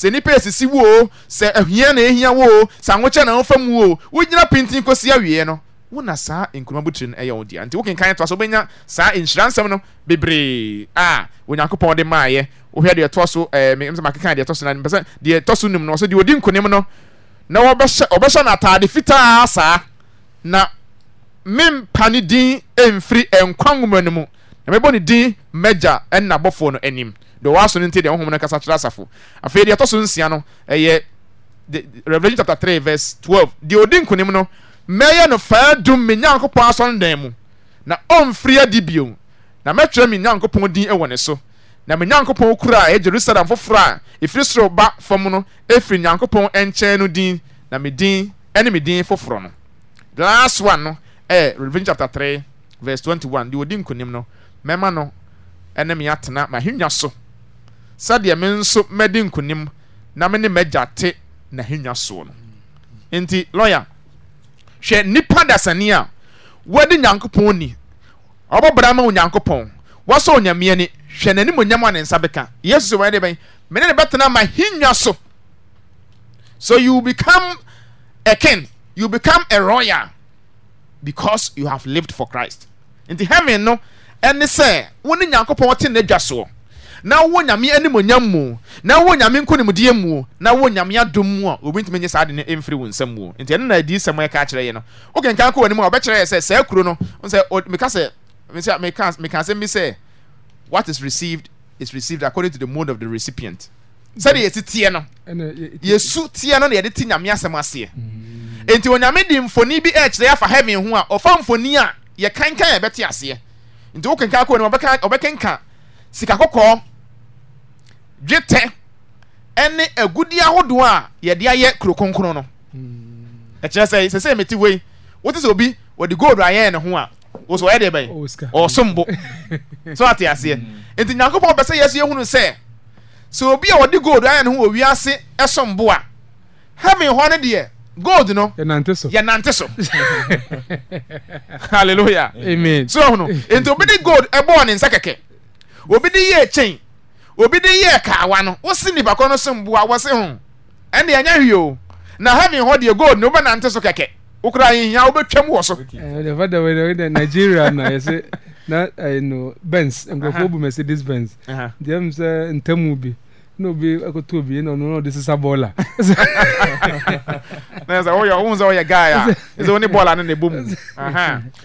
B: sɛnnipa yɛsisi woo sɛ ia naɛhia wo sɛawokyɛ nawofa mu wogyina pintin kɔsiawiee no wona saa k oniwoaɛanhyira nsɛm aɔanknem nnɔbɛhyɛ no eh, atade fitaa saa na mempa ne din mfiri nkwa nwuma no mu namɛne in ma nabfoɔ no ani kerɛ sffeideɛɛtso nsia no ɛyɛ revion3 v12 deɛodi nkonim no mɛyɛ no faa dum me nyankopɔn asɔndan mu na ɔmfiri adi bio na mɛtwerɛ me nyankopɔn din wɔne so na menyankopɔn kuroa yɛ jerusalem foforɔ a ɛfiri soro ba fa mu no firi nyankopɔn nkyɛn no din naenmedin foforɔno3 sdeɛ me nso mɛde nkonim na me nemɛgya te nahennwa soɔ no nt lyr hwɛ nipa dasani a wode nyankopɔn ni ɔbɔbra ma onyankopɔn wosɛonyameani hwɛ nanimonyam ane nsa bka yɛsusmene ne bɛtenama henwa so so you bkam kin yo bkam aryar because yo alv f christ ntihv no ɛne sɛ wo ne nyankopɔnɔtenoadwa soɔ na wo nyame animonyam mu na wo nyame nkonimdie mu na wo nyame adom mu a obi ntumi nye saa de no mfiri wo nsam mu nti ɛno na adi sɛm a ɛka akyerɛ yɛ no wokenka kɔ w'anim a wɔbɛkyerɛ yɛ sɛ saa kuro no sɛ meka sɛ meka asɛm bi sɛ what is received is received according to the mode of the recipient sɛdeɛ yɛsi teɛ no yɛsu teɛ no na yɛde te nyame asɛm aseɛ nti onyame de mfoni bi ɛkyerɛ afa heaven ho a ɔfa mfoni a yɛkankan yɛbɛte aseɛ nti wokenka kɔ w'anim ɔbɛkenka sika kɔkɔɔ dwetɛ ɛne agudeɛ ahodoɔ a yɛde ayɛ kuro kronkron no hmm. ɛkyerɛ sɛ sɛ sɛ meti wei wote sɛ obi wɔde gold ayɛ ne ho a wosɔ ɔyɛ deɛ bɛyɛ oh, ɔsombo [laughs] so ate aseɛ hmm. nti nyankopɔn pɛ sɛ yɛsɛ yɛhunu sɛ sɛ obi a wɔde gold ayɛ ne ho wɔ wiase ɛsombo a heaven hɔ no deɛ gold no yɛnante so yɛnante so [laughs] hallelujah amen so ɔhono nti obi de gold ɛbɔɔ ne nsa kɛkɛ obi de yɛ kyɛn obi de yɛ kaawa no wosi nipa kɔ no so mboa wɔsi ho ɛnna yɛn nyɛ hwi o na having hɔ deɛ gold na wobɛnante so kɛkɛ wokora yɛhia wobɛtwam wɔ so
A: eh, nigeria na yɛsɛ na eh, no bens nkurɔfoɔ bu mercedes bens deɛ m sɛ ntamu bi na obi akɔtɔ obi na ɔno na ɔde sisa bɔɔla [laughs]
B: sɛ woyɛ wohu sɛ woyɛ guy a [laughs] ɛsɛ wo ne bɔɔla no na ɛbɔ mu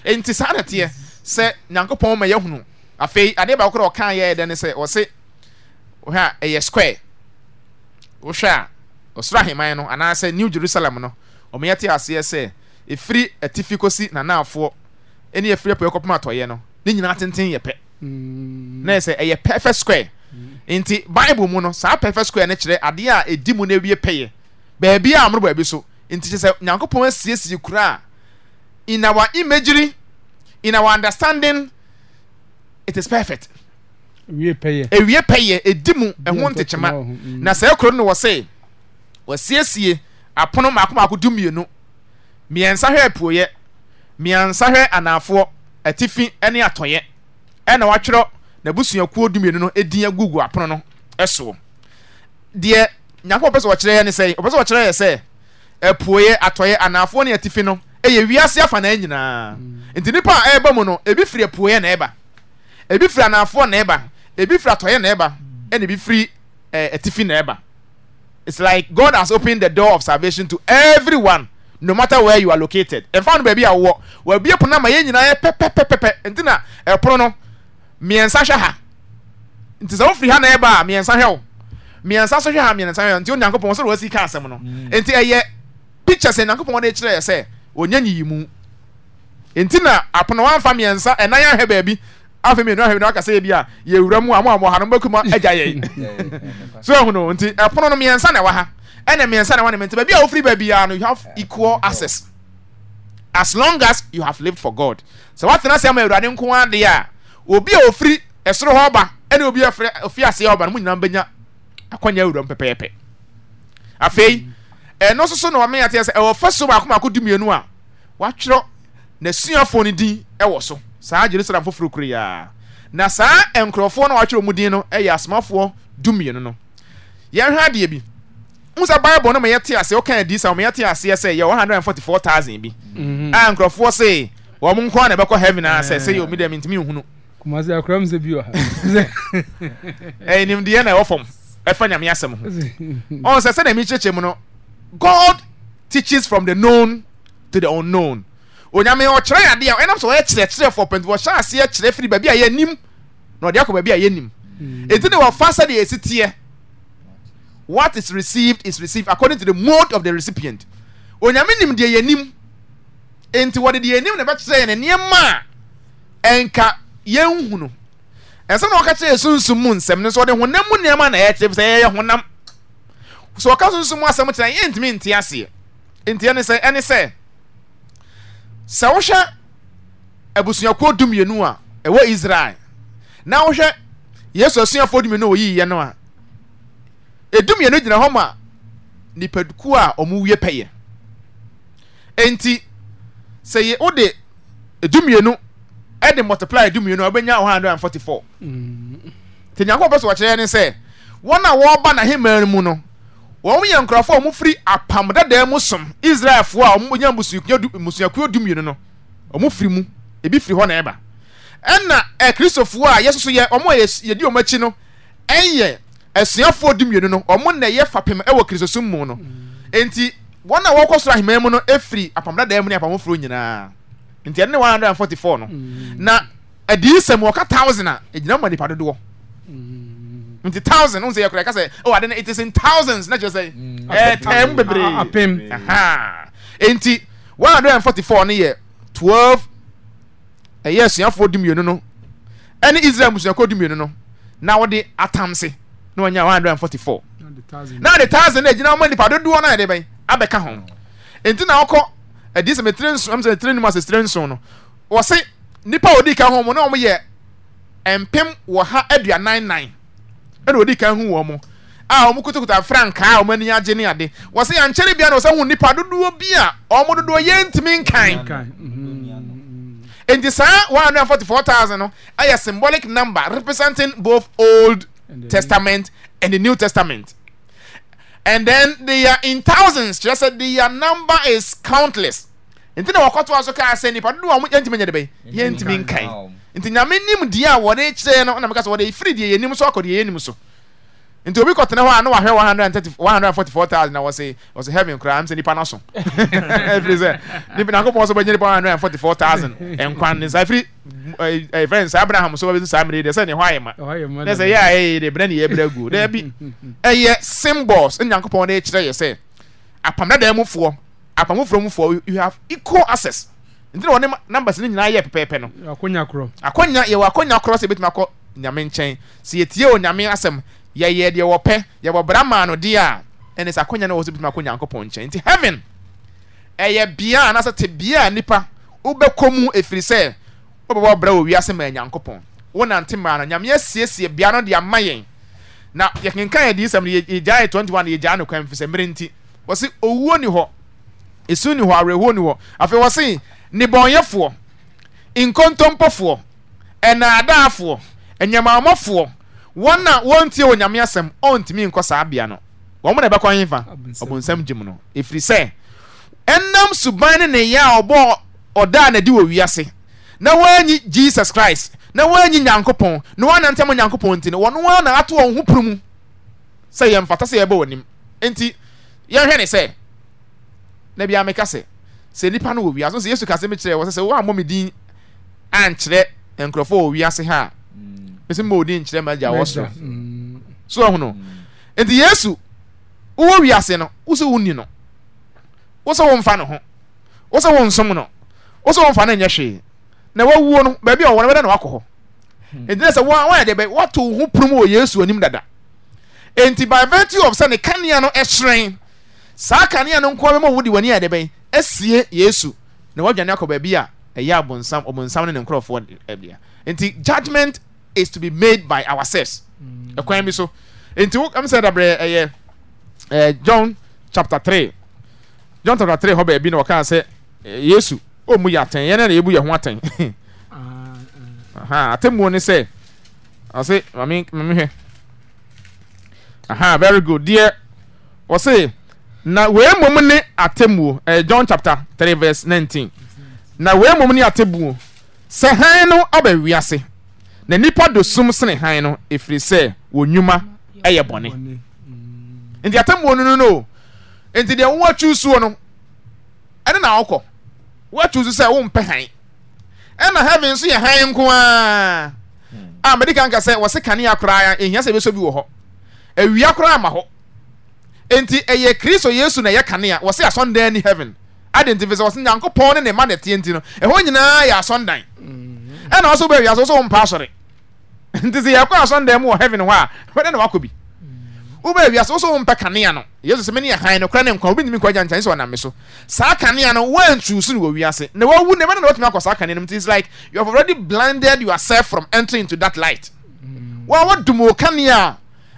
B: ɛnti [laughs] saa na teɛ sɛ nyankopɔn ma yɛhunu afei adeɛ baako na ɔka yɛ ɛdɛ ne sɛ ɔse wohwɛ a ɛyɛ square wohwɛ a ɔsoro aheman no anaasɛ new jerusalem no ɔmɛyɛ te aseɛ sɛ ɛfiri atifi kɔsi nanaafoɔ ɛne ɛfiri apɛ kɔpem atɔyɛ no ne nyinaa tenten yɛ pɛ mm. na ɛsɛ ɛyɛ perfect square mm. nti bible mu no saa perfect square no kyerɛ adeɛ a ɛdi mu no awie pɛyɛ baabi a ɔmo baabi so nti kyerɛ sɛ nyankopɔn asiesie kura in our imagery in our understanding it is perfect
A: ewie pɛyɛ ewie
B: pɛyɛ edi mu ɛho ntekyema mm. na sɛ ɛkoro no wɔ se wɔsiesie apono mako mako du mmienu mmiɛnsa hwɛ apuoyɛ mmiɛnsa hwɛ anafoɔ atifi ɛne atɔyɛ ɛna watwerɛ n'abusuakuo du mmienu no edin agugu apono no ɛsoɔ deɛ nyakpɔ pɛ sɛ wɔkyerɛ yɛ ne sɛ ɔpɛ sɛ wɔkyerɛ yɛ sɛ apuoyɛ atɔyɛ anafoɔ ne atifi no ɛyɛ wiase afa na nyinaa mm. nti nipa a ɛɛba mu no ebi firi apuoyɛ na ɛɛba ebi firi anafoɔ na ɛba ebi firi atɔyɛ na ɛba ɛna ebi firi ɛɛ ɛtifi na ɛba it's like god has opened the door of salvation to everyone no matter where you are located ɛfa no baabi a wɔ wɔabie pono ama yɛn nyinaa yɛ pɛpɛpɛpɛ nti na ɛpono no mmiɛnsa hwɛ ha nti sɛ wofiri ha na ɛba a mmiɛnsa hwɛ wo mmiɛnsa so hwɛ ha mmiɛnsa hwɛ wo nti onyankopɔn sɛ wɔasi ka asɛm no mm. nti ɛyɛ pictures onyankopɔn de kyerɛ yɛ sɛ ɔnya nyiyimu nti na apono wamfa mmiɛnsa ɛnan ahwɛ baabi afei mmienu ahwɛ mmienu akasa yɛ bi a yɛwura mu a mo a mo ɔhara mo bɛkuma agya yɛ yi so ehun no nti ɛpono no mmiɛnsa na ɛwɔ ha ɛna mmiɛnsa na ɛwɔ ne mu nti baabi a ofiri baabi a no you have equal access as long as you have lived for god So watena sɛ ama awurade nko ade a obi a ofiri ɛsoro hɔ ɔba ɛna obi a ofi ase ɔba no mo nyinaa bɛnya akɔnya awura mu pɛpɛɛpɛ afei ɛno nso so na wɔn mmeɛnsa yɛ sɛ ɛwɔ fa so baako baako du mmienu a watwerɛ n'asuafoɔ ne din ɛwɔ so saa jerusalem foforɔ kuro yia na saa nkurɔfoɔ no wɔatwerɛ mu din no yɛ asomafoɔ dumienu no yɛn hwɛ adeɛ bi nsa bible no ma yɛte aseɛ ɔka adi sa ma yɛte aseɛ sɛ yɛ 144000 bi mhm. a nkurɔfoɔ se wɔn nko na ɛbɛkɔ heaven a sɛ eh. sɛ yɛ omi dɛm ntumi nhunu
A: kumasi akora mu sɛ bi wɔ
B: ha [laughs] ɛyɛ nimdeɛ na ɛwɔ fam ɛfa nyame asɛm ho ɔn sɛ sɛ na mi kyekyɛ mu no god teaches from the known to the unknown onyame ɔkyerɛ yɛ ɛnam sɛ ɔyɛ kyerɛkyerɛ fɔ pɛntu ɔhyɛ aseɛ kyerɛ firi baabi a yɛnim na ɔde akɔ baabi a yɛnim hmm. eti ne wɔfa sɛdeɛ esi teɛ what is received is received according to the mode of the recipient onyame nim deɛ yɛnim nti wɔde deɛ yɛnim na ɛbɛkyerɛ yɛn nneɛma a ɛnka yɛnhu no ɛsɛ na ɔka kyerɛ sunsun mu nsɛm no nso ɔde honam mu nneɛma na ɛyɛkyerɛ sɛ ɛyɛ honam so ɔka sunsun mu asɛm kyerɛ yɛntumi nte aseɛ nteɛ ne sɛ ɛne sɛ sɛ wohwɛ abusuakuo dumienu a ɛwɔ israel na wohwɛ yesu asuafoɔ dumienu wɔyi yɛ no a yenu gyina hɔ ma nipakuo a wɔn wie pɛyɛ nti sɛ yɛ wode edumienu ɛde multiply edumienu a wɔbɛnya one hundred and forty four mm. te nyankopɔ pɛ so wɔkyerɛ ne sɛ wɔn a wɔreba n'ahemman mu no wɔn yɛ nkurɔfoɔ a wɔn firi apam dadaa mu som israelfoɔ a wɔn nya mmusuakuo du mmienu no wɔn firi mu ebi firi hɔ na ɛba ɛna akristofoɔ a yɛsoso yɛ wɔn a yɛdi wɔn akyi no ɛyɛ asuafoɔ du mmienu no wɔn na ɛyɛ fapem ɛwɔ kristosom mu no nti wɔn a wɔkɔ soro ahemman mu no efiri apam dadaa mu ne apam foforɔ nyinaa nti ɛne one hundred and forty four no mm. na adiisɛm wɔka thousand a egyina mu nipa dodoɔ nti thousand nse yɛ kura kasa oh ade no it is in thousands na kyerɛ sɛ ɛɛ tɛm bebree apem nti one hundred and forty eh, four no yɛ twelve ɛyɛ asuafoɔ di mmienu no ɛne israel musuakuo di mmienu no na wɔde atamse na wɔnya one hundred and forty four na de thousand na egyina wɔn nipa dodoɔ na yɛde bɛn abɛka ho nti na ɔkɔ ɛdi sɛ mɛtire nson ɛmɛ sɛ mɛtire num asɛ tire nson no wɔsi nipa a odi ka ho mo na wɔn yɛ mpem wɔ ha aduanan nan ɛna odi kan hu wɔn a wɔn kutukuta frankaa a wɔn ani agye ne ade wɔsi ankyɛre bia na wɔsɛ hun nipa dodoɔ bi a wɔn dodoɔ yɛ ntumi nkan mhm. nti saa one hundred and forty four thousand no ɛyɛ symbolic number representing both old testament and the new testament and then they are in thousands kyerɛ sɛ their number is countless nti na wɔkɔtɔ so kaa sɛ nipa dodoɔ wɔn yɛ ntumi nyɛ de bɛyɛ yɛ ntumi nkan. ntnyame nimdeɛ awɔdekyerɛɛ no e fri deɛɛni s deɛnim so ntiobi00ɛ symbalsnyankopɔ kerɛy sɛ pamɛdamfɔɔoha eqal acsess a nia okɔm fir sɛ hhɔhɔe se nnebɔnyɛfoɔ nkontompofoɔ ɛnaadaafoɔ ɛnyɛmaamɔfoɔ wɔn a wɔntie wɔ nyame asɛm ɔntumi nkɔ saa bea no wɔn na ɛbɛkɔ hefa ɔbɔnsɛm gyem no ɛfiri sɛ ɛnam suban ne ne yɛ a ɔbɔ ɔda a n'adi wɔ wiase na wɔanyi jesus christ na wɔanyi nyankopɔn na wɔanante mo nyankopɔn nti no wɔn ara na ato wɔn ho pono mu sɛ yɛmfata sɛ yɛbɛ wɔ nim nti yɛhwɛ ne sɛ na bia meka sɛ sɛ nipa no wɔ wiase sɛ yesu kase mi kyerɛ wɔ sɛ sɛ wo a mo mi din ankyerɛ nkurɔfoɔ wɔ wiase ha a mm. sɛ mo nkyerɛ ma gya wɔ soro mm. so ɔho no mm. nti yesu wowɔ wiase no wosɛ wo ni no wosɛ wo mfa ne ho wosɛ wo nsom no wosɛ wo mfa ne nyɛ hwee na wawuo no baabi a ɔwɔ no bɛda na wakɔ hɔ hmm. nti na sɛ wɔn wɔn yɛ deɛ bɛ wɔto wo ho pono wɔ yesu anim dada nti by virtue of sɛ ne kanea no ɛhyerɛn saa kanea no nkoa bɛ ma w'ani yɛ deɛ bɛyɛ esie yesu na wadwane akɔ baabi a ɛyɛ abonsam ɔbonsam ne ne nkurɔfoɔ ɛbea eh, nti judgement is to be made by ourselves mm. ɛkwan bi so nti wo ɛmu sɛ dabrɛ ɛyɛ eh, john chapter three john chapter three hɔ baabi na wɔka sɛ eh, yesu ɔmu yɛ atɛn yɛn na yɛbu yɛn ho atɛn ah, ah. atemmuo ne sɛ ɔse maame maame hwɛ aha very good deɛ ɔse. naw mom ne atɛmuojon eh, cha3v na w mom ne atɛmuo sɛ hann no abawiase na nipa dɔ sum sene hann no ɛfiri sɛ wɔnwuma yɛ bɔnenmu nntideɛwowusuo n ssɛɛnna hav so yɛ han nko aɛkasɛkaa nti ɛyɛ kristo yesu na ɛyɛ kanea wɔsɛ asondan ne mhm. heaven dfɛpae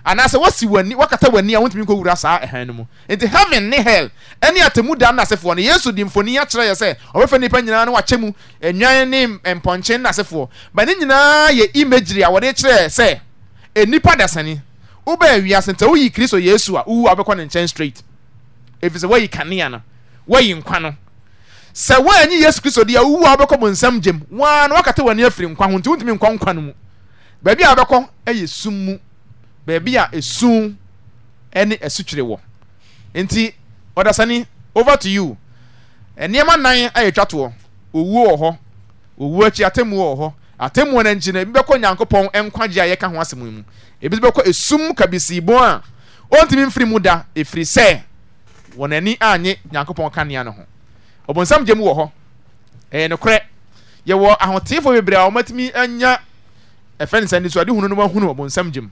B: anaasɛ wasi w'ani wakata w'ani a wontumi nkɔwura saa ɛhan no mu nti heaven ne hell ɛne atemu da no asefoɔ no yesu di mfoni akyerɛ yɛ sɛ ɔbɛfa nipa nyinaa no wakyɛ mu nwan ne mpɔnkye no asefoɔ ba ne nyinaa yɛ imagery a wɔde kyerɛ sɛ enipa dasani wobɛɛ wiase nta woyi kristo yesu a wowu a wobɛkɔ ne nkyɛn straight ɛfiri sɛ woayi kanea no woayi nkwa no sɛ woanyi yesu kristo deɛ wowu a wobɛkɔ mo nsɛm gyem woa no wakata w'ani afiri nkwa ho nti wontumi nkɔ nkwa no mu baabi a wobɛkɔ ɛyɛ sum mu baabi a esun ɛne asutwere wɔ nti ɔdasani over to you nneɛma nan a yɛtwa toɔ owuo wɔ hɔ owuo akyi atemmuo wɔ hɔ atemmuo no nkyi ebi bɛkɔ nyankopɔn nkwagye a yɛka ho asɛm mu ebi bɛkɔ esum kabisiibɔn a ɔntumi mfiri mu da efiri sɛ wɔn ani anye nyankopɔn kanea no ho ɔbɔnsam gyem wɔ hɔ ɛyɛ nokorɛ yɛwɔ ahoteefoɔ bebree a wɔmatumi anya ɛfɛn nsa nisɔ adihunu no wɔahunu ɔbɔnsam gyem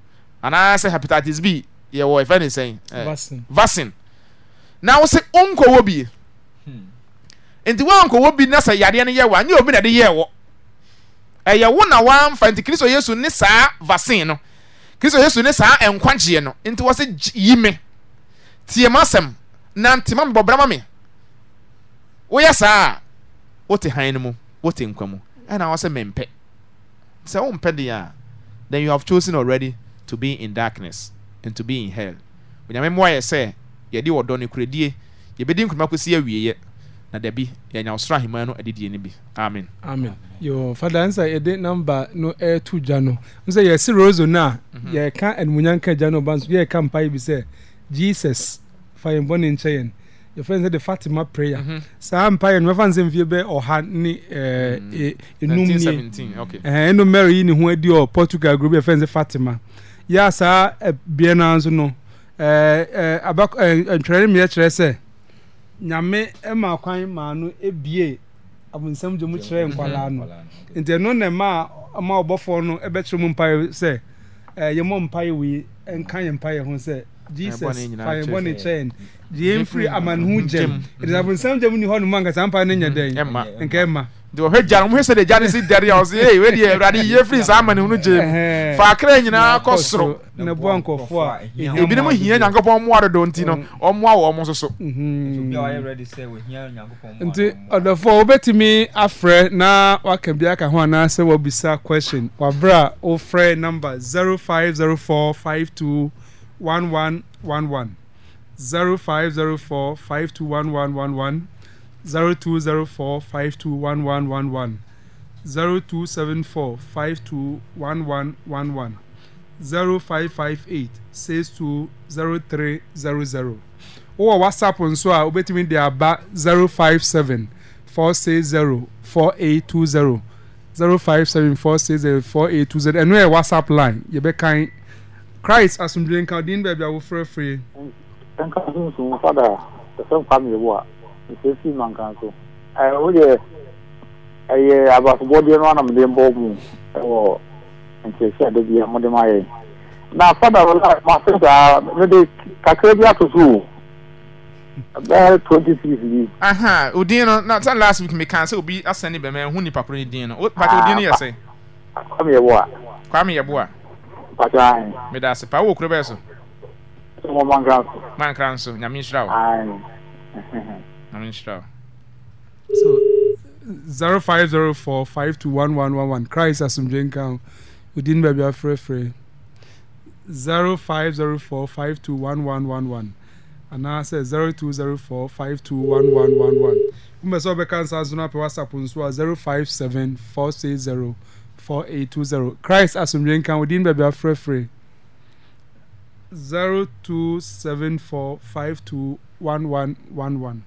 B: anaa eh, hmm. sɛ hapitites bi yɛwɔ ɛfɛno sɛ vasin wɛɛomati kristo yesu ne saa vase nokriso ysu ne saa nkwag no ntiwmawyɛ saawoɛoɛe you hae chosen aready to be in darkness and to be in hell onyame mmoa yɛ sɛ yɛde wɔdɔ no kuredie yɛbɛdi nkuruma kɔsi awieɛ na dabi yɛnya ɔsoro ahemman no adidie no bi amen
A: amen yo fada nsa yɛde namba no ɛto gya no nsɛ yɛse roso no a mhm. yɛka animunya nka gya no ba nso yɛka mpae bi sɛ jesus fa yɛn bɔne nkyɛ yɛn yɛfrɛ no sɛ de fatima prayer mm -hmm. saa mpaeɛ no mɛfa nsɛ mfie bɛ ɔha ne eh, mm. eh, ɛnum nie ɛno mary yi ne ho adi ɔ portugal group yɛfrɛ no sɛ fatima yɛ saa bie no nso no ntwerɛ no mmeɛ kyerɛ sɛ nyame eh, ma kwan maa no ebie eh, abonsam dwom kyerɛ nkwalaa no nti ɛno na ɛma a ma ɔbɔfoɔ no ɛbɛkyerɛ eh, mu mpaeɛ sɛ yɛmmɔ mpaeɛ wei nka yɛ mpaeɛ ho sɛ jesus fa yɛn bɔne kyɛn deɛ mfiri amanhu gyem ɛdɛ abonsam gyem ni hɔ nom ankasa mpaeɛ no nyɛ mm-hmm. dɛn nka ɛma de
B: ɔhwɛ gya no mo hwɛ sɛ de gya no si dɛre a ɔsɛ ee wei deɛ awurade yie firi saa amane no gye mu fa akra nyinaa kɔ soro
A: na bua nkɔfoɔ a ebinom
B: hia nyankopɔn mmoa dodo nti no ɔmmoa wɔ
A: ɔmo soso mhm. nti ɔdɔfoɔ wobɛtumi afrɛ na waka bi aka ho anaasɛ wɔbisa question wabrɛ a wofrɛ number 0504 52 1111 0504 521111 zero two zero four five two one one one one zero two seven four five two one one one one zero five five eight six two zero three zero zero wowɔ whatsapp nso a wobɛtumi de aba zero five seven four six zero four eight two zero zero five seven four six zero four eight two zero ɛno yɛ whatsapp line yɛbɛkan christ asomdwe nka din baabi a wofrɛfrɛ
D: nka so nso fada ɛsɛ nkwa mmiɛbu a nsesi ma nka so eh, ɛɛ o eh, yɛ ɛyɛ abasubɔdeɛ no anamde mbɔ mu ɛwɔ nkyɛnse ade bi a mo de ma yɛ na fada wɔ la ma se saa ne de kakra bi ato so bɛɛ twenty six
B: bi. o din no na sani last week mi kan sɛ obi asɛn ne bɛmɛ ɛho nipa koro ne din no o pati o ah, din no yɛ sɛ. kwame yɛ a. kwame yɛ a. pati ayi. meda ase pa wo kuro bɛɛ so. mo mankra nso. mankra nso ayi. Amishra.
A: So, zero zero five five four two one one one 521111 Christ Asumjen Kang, Udin Baby two 0504-521111. And I say 0204-521111. Umeso beka nsa zuna pe WhatsApp nso a zero. Christ Zero two seven four five two one one one one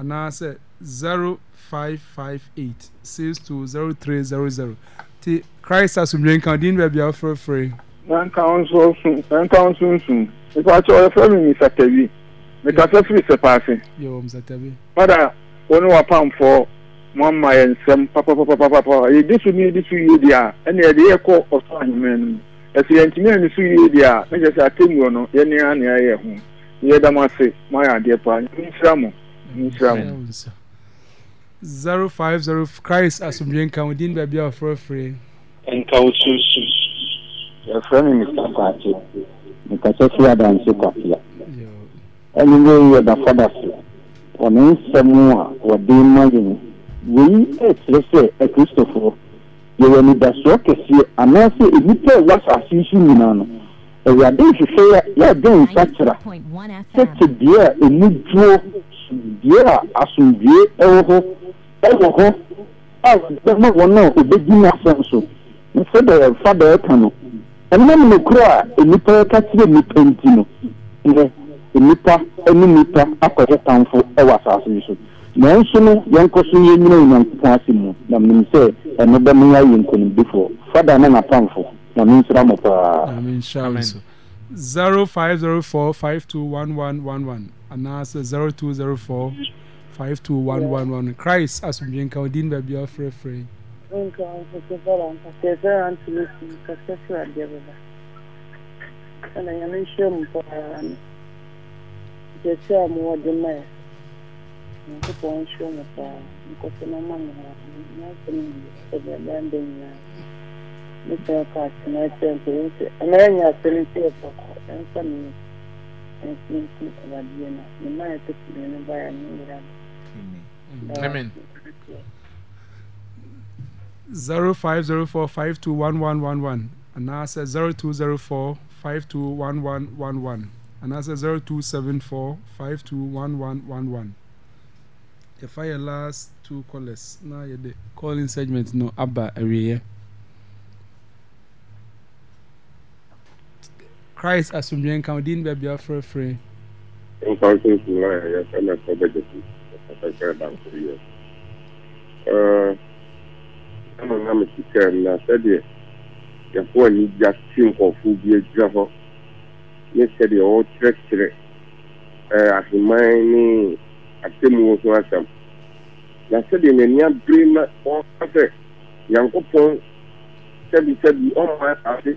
A: anaasɛ zero five five eight six two zero three zero zero ti christ asumdwe nkan din baabi a wofrɛfrɛ
D: nanka wo nso sun nanka wo nso sun nipa kyɛ ɔyɛfrɛ mi mr tabi mekasa firi sɛpaase fada wo ne wapamfoɔ mo ama yɛ nsɛm papapapapapa yɛdi so ne yɛdi so yie deɛ a ɛne yɛde yɛkɔ ɔsɔ ahemmerɛ no mu ɛsɛ yɛntumi a ne so yie deɛ a ne kyɛ sɛ atemmuo no yɛne a ne ɛyɛ ho yɛda mo ase moayɛ adeɛ paa nhyira mo
A: zero five zero christ asomdwe nka wo din baabi a wɔfrɛfrɛ
D: nka wo susu yɛfrɛ me mr kwate mekasɛ fi adanse kwapea ɛne ne yɛ dafadafo ɔne nsɛm a wɔde ma yɛn wei ɛkyerɛ sɛ akristofoɔ yɛwɔ nidasoɔ kɛseɛ anaasɛ nnipa a ɛwɔ asase so nyinaa no awurade nhwehwɛ yɛadwe nsakyera sɛ kyɛdeɛ a ɛmu dwuo asomdue a asomdue ɛwɔ hɔ ɛwɔ hɔ a bɛma wɔn a ebegyina asɛm so nso deɛ fa deɛ ɛka no ɛnam no koro a nnipa ɛka kyerɛ nnipa nti no ɛnɛ nnipa ɛne nnipa akɔyɛ tamfo ɛwɔ asase yi so nanso no yɛnkɔ so yɛ nyina onyankopɔn ase mu na menim sɛ ɛno bɛmo yɛ ayɛ nkonimdifoɔ fada ne natamfo na mensira mo paa
A: 0504521111 anaasɛ 0204 52111 christ asomdwe nka wodin baabi a frɛfrɛ
D: Mwen se yon kati, mwen se yon kati, mwen se yon kati, mwen se yon kati,
B: Amen.
A: Zero five zero four five two one one one one, and now said zero two zero four five two one one one one, and I said zero two seven four five two one one one one. If I last two callers, now you're the calling segment no abba area. Christ asumdwe nka ɔdi ni baabi afrɛfrɛ.
D: nkan tó sùn náà yẹ fẹ́ mẹ́fọ́ bẹ́jẹ̀ tó fẹ́fẹ́ dàgbò yẹ. ɛna na mi sika yɛ na sɛdeɛ yɛfo ani gya ti nkɔfo bi agyina hɔ ne sɛdeɛ ɔrekyerɛkyerɛ ɛɛ aheman ne atemmuo ho asɛm na sɛdeɛ n'ani abere na ɔreka sɛ nyankopɔn sɛbisɛbi ɔmo ase.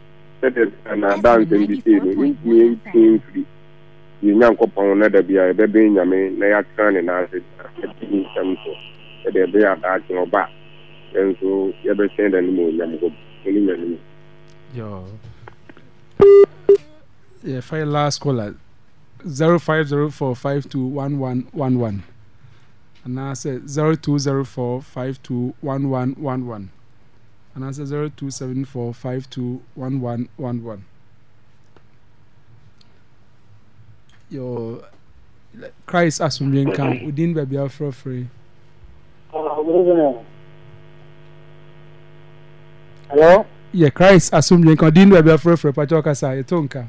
D: sɛdeɛ anadance mbisei no ntumi mfiri yɛ nyankopɔn na da bia yɛbɛbɛn nyame na yɛatena ne naase ati ne nsɛm so sɛdeɛ ɛbɛyɛ adaakye ɔba ɛnso yɛbɛhyɛn da no ma onyam hɔ ne nyanim
A: yɛfa yɛ last caller 0504521111 anaasɛ 0204521111 And answer zero two two seven four five one one one one. Your christ asomdwe nka odin baabi afrɛfrɛ Hello. yeah, christ asomdwe nka odin baabi afro free. ɔkasa sa nka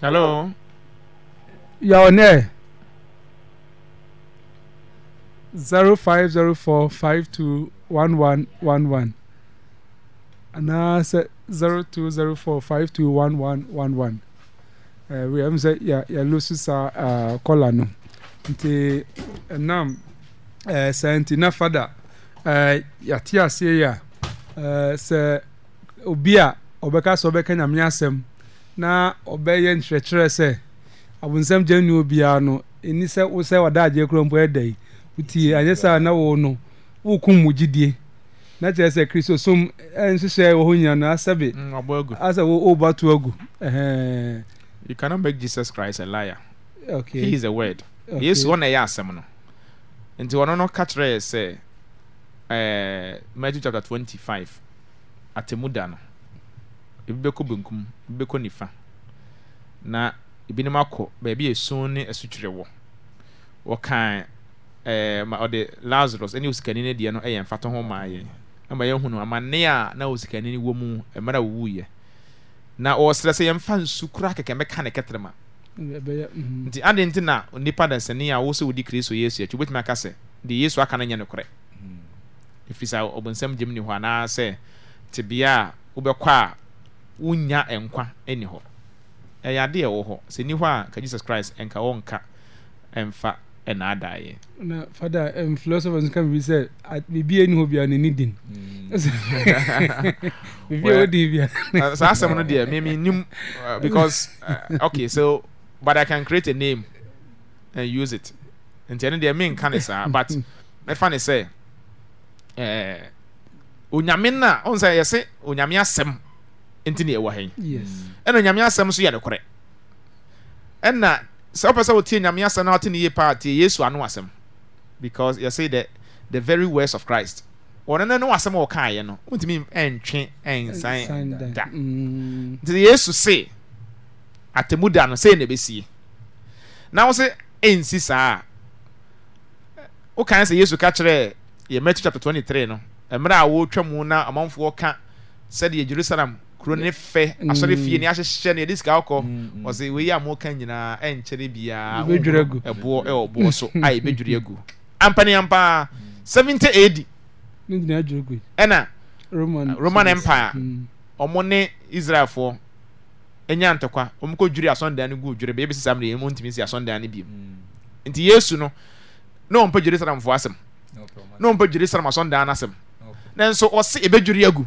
A: hello yɛ ɔnɛ zero five zero four five two one one one one anaasɛ zero two zero four five two one one one one ɛɛ uh, wia mu sɛ yɛ yɛ losu saa ah, ɛɛ kɔla no nti ɛnam ɛɛ uh, eh, sɛ nti na fada ɛɛ yate aseɛ yɛ a ɛɛ sɛ obi a ɔbɛka sɛ ɔbɛka nyame asɛm na ɔbɛyɛ nkyerɛkyerɛ sɛ abonsɛm gya nnuo biara no ɛni sɛ wosɛ wadaagyeɛ kura mpo ɛda yi. nti anyɛ saa na wo no wokum mu gyidie na kyerɛ sɛ kristosom eh, nhyehyɛ wɔ hɔ nyina no asɛbe mm, asɛ woba to agu
B: You cannot make Jesus Christ a liar. Okay. He is a word. Okay. Yesu ɔna ɛyɛ asɛm no. Nti ɔno no ka kyerɛ sɛ eh, Matthew chapter twenty five atemu da no ebi bɛkɔ benkum ebi bɛkɔ nifa na ebinom akɔ baabi esu ne asutwere wɔ wɔkan Eh, ma ɔde lazarus ne osikani no deɛ no yɛ mfata ho maa yɛn ama yɛhu no amanne a na osikani no wɔ mu mmerɛ a wɔwuiɛ na ɔsrɛ sɛ mfa nsu kora kɛkɛ mɛka ne kɛtrɛma
A: mhm. nti
B: ade nti na nipa dansani a wo sɛ wodi kristo yesu akyi wobɛtumi aka sɛ de yesu aka no nyɛ nokorɛ ɛfiri sɛ ɔbonsɛm gyem ni hɔ anaasɛ tebea a wobɛkɔ a wonya nkwa ni hɔ ɛyɛ adeɛ ɛwɔ hɔ sɛ ni hɔ a ka jesus christ ɛnka nka ɛmfa
A: ɛnaadayɛnafadaphilosopher um, ami ah, sɛbebianihɔ bianni dinsaa mm. [laughs] [laughs] uh, asɛm no deɛ menim uh, because uh, ok
B: so but i can create a name and use it ɛnti ɛne deɛ menka ne saa but [laughs] mɛfa ne sɛ onyame noa ɔusɛ yɛse oname asɛm ɛnti ne ɛwɔ he ɛna onyame asɛm nso yɛnokorɛ ɛnna sɛwopɛ sɛ wotie nyameɛsɛnwtny pantyesu anoasɛm bythe vr wors of christ nono noasmwɔkɛ not ntsanyesu mm. se atmuda nosɛnabɛsenawo s nsi saa wokasɛ yesu a kɛ y mathw chap 23 neɛwɔtwamu nmfoka sɛdeyɛ jerusalem kuro ne fɛ asɔre fie ne mm. ahyehyɛ ne yɛde sika akɔ mm, mm, ɔsɛ wei a moka nyinaa ɛnkyɛre biaa ɛboɔ ɛwɔ boɔ so [laughs] a yɛbɛdwiri agu ampaneampaa 70 ad ɛna roman empire ɔmo ne israelfoɔ ɛnya ntɔkwa ɔmo kɔ dwiri asɔndan no gu dwiri bɛyɛ bɛsi sam deɛ ɛmo ntumi si asɔndan no bi nti yesu no na ɔmpɛ jerusalemfoɔ asɛm na ɔmpɛ jerusalem asɔndan no asɛm nanso ɔse ɛbɛdwiri agu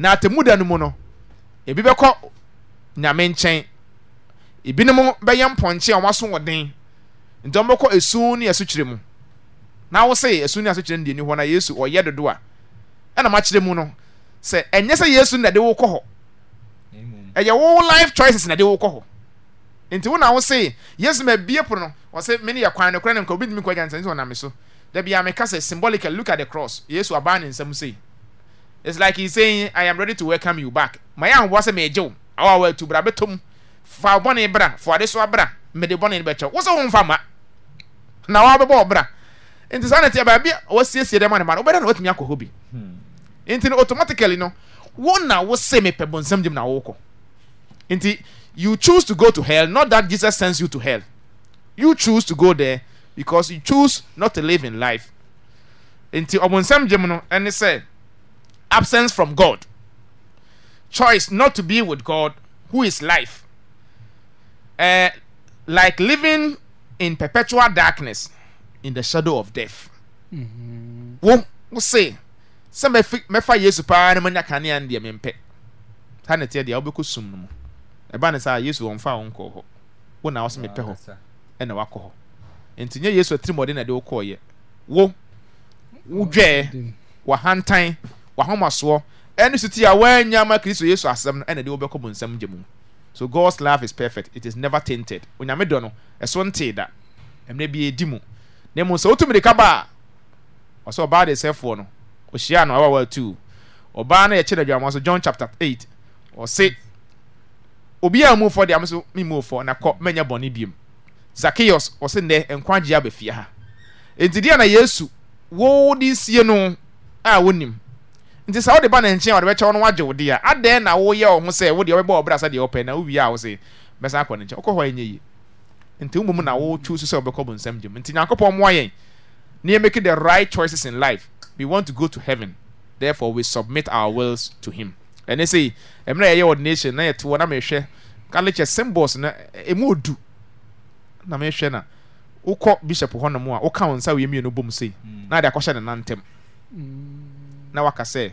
B: nata muda no mu no ebi bɛkɔ nyame nkyɛn binom bɛyɛ mpɔnkyea aso ɔ den ntiɔmɛkɔ ɛsuno asokyerɛ muɛemlical k the cs it's like he's saying i am ready to welcome you back My ahu was a major. wo awa awa etu bra betom fa bɔne bra fa ade so abra mmede bɔne no bɛkyɛw wosa wo mfa ma na wa bɛbɔ ɔbra nti saa na te baabi a wɔsiesie dɛm anema no wobɛda na watumi akɔ hɔ bi nti no automatically no wo na wo se mepɛ bɔnsɛm gyem na wokɔ nti you choose to go to hell not that jesus sends you to hell you choose to go there because you choose not to live in life nti ɔbɔnsɛm gyem no ɛne sɛ absence from God, choice not to be with God, who is life, uh, like living in perpetual darkness, in the shadow of death. Mm-hmm. wo wo wahantan ahomasoɔ ne sitia waanyama kristo yesu asɛm no nde wobɛkɔ bɔ nsɛm gy muso god's life is perfect itis never tented kyia john chapte nti sɛ wode ba ne nkyɛn a wɔde bɛkyɛ wo no wagye wo deɛ adɛn na woyɛ wo ho sɛ wode wɔbɛbɔ ɔbrɛ sɛdeɛ wɔpɛ na wowie a wo se bɛsa akɔ ne nkyɛn wokɔ hɔ ɛnyɛ yie nti wo mmom na wotwu so sɛ wobɛkɔ bo nsɛm gyem nti nyankopɔn mmoa yɛn na yɛmaki the right choices in life we want to go to heaven therefore we submit our wills to him ɛne sɛ mmerɛ yɛyɛ ordination na yɛte wɔ na mehwɛ kalekyɛ symbols na ɛmu e, ɔdu na mehwɛ na wokɔ bishop hɔ nom a woka wo nsa wo yɛ mmienu bom sei hmm. na ade akɔhyɛ ne nantam hmm. na waka sɛ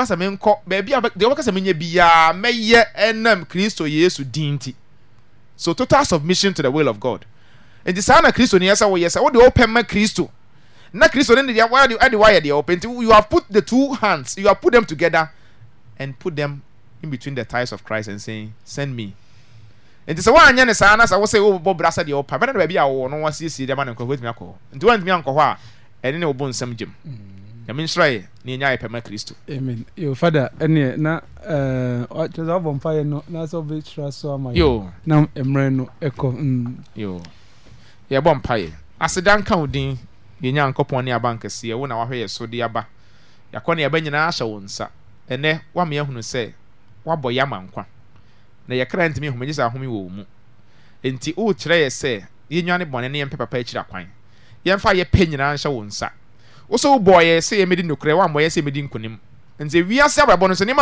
B: mk mya bi mɛyɛ na kristo yesu dinti so oa subission to the will of godk he tetee amenkyerɛeɛ ne ɛnya yɛpɛma kristobp asedankawo din yɛnya nkɔpɔn ne abankɛseɛ wona wah yɛ sode aba aneb nyinaa ahyɛ wo nsanɛwmsɛ wabyɛma nkana yɛkra ntmiyshomɔ mu nti wokyerɛ sɛ yeane bɔne n yɛmpɛpapa kyir kwan yɛmfayɛpɛ nyinaa hyɛ wo s wosɛ wobɔ ɛ sɛ ymɛde nokrɛ ɛsɛ mɛde kuni ti wise ɛ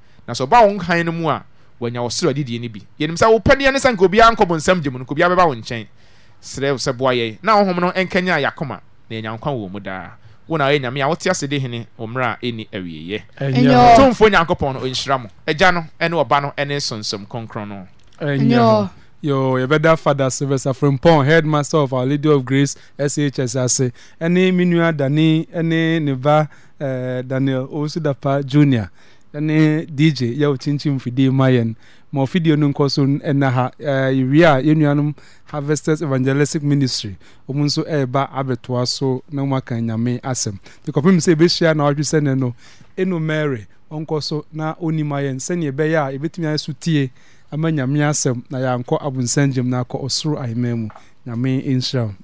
B: no a k wɔanya ɔsoro adidie no bi yɛnim sɛ wopɛdeɛ ne sɛ nka obiara nkɔbɔ nsɛm gye no nka obiara bɛba wo nkyɛn serɛ sɛ boa yɛn na honhom no ɛnkɛnya yɛakoma na yɛnya nkwa wɔ mu daa wo na ɔyɛ nyame a wote ase de hene wɔ mmerɛ a ɛnni awieyɛ tomfoɔ nyankopɔn no ɔnhyira mo agya no ɛne ɔba no ɛne sonsom kronkron
A: no Yo, your brother Father Sylvester Frimpong, headmaster of Our Lady of Grace, SHSRC. Any minua Dani, any Neva, uh, eh, Daniel Osudapa Jr. ne dj yɛwɔ kyinkyim fidie ma yɛn ma ɔfidie no nkɔ so ɛna ha ɛwie a yɛn nuanom harvesters evangelistic ministry wɔn nso ɛreba abɛtoa so na wɔn aka nyame asɛm te kɔpem sɛ ebehyia na ɔadwi sɛ ne no eno mary ɔnkɔ so na ɔni ma yɛn sɛnea ɛbɛyɛ a ebetumi ayɛ so tie ama nyame asɛm na yɛankɔ abonsɛn gyem na akɔ ɔsoro ahemman mu nyame nhyira.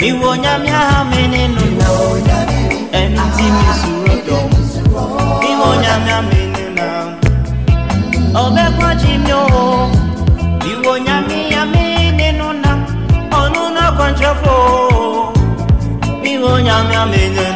D: mi wo nyame ahame ne no na ɛno nti mesuro dɔ mi wo nyame ame ne na ɔbɛkwagye mi o mi wo nyame ame ne no na ɔno na kɔnkyerɛfo mi wo nyame ame ne no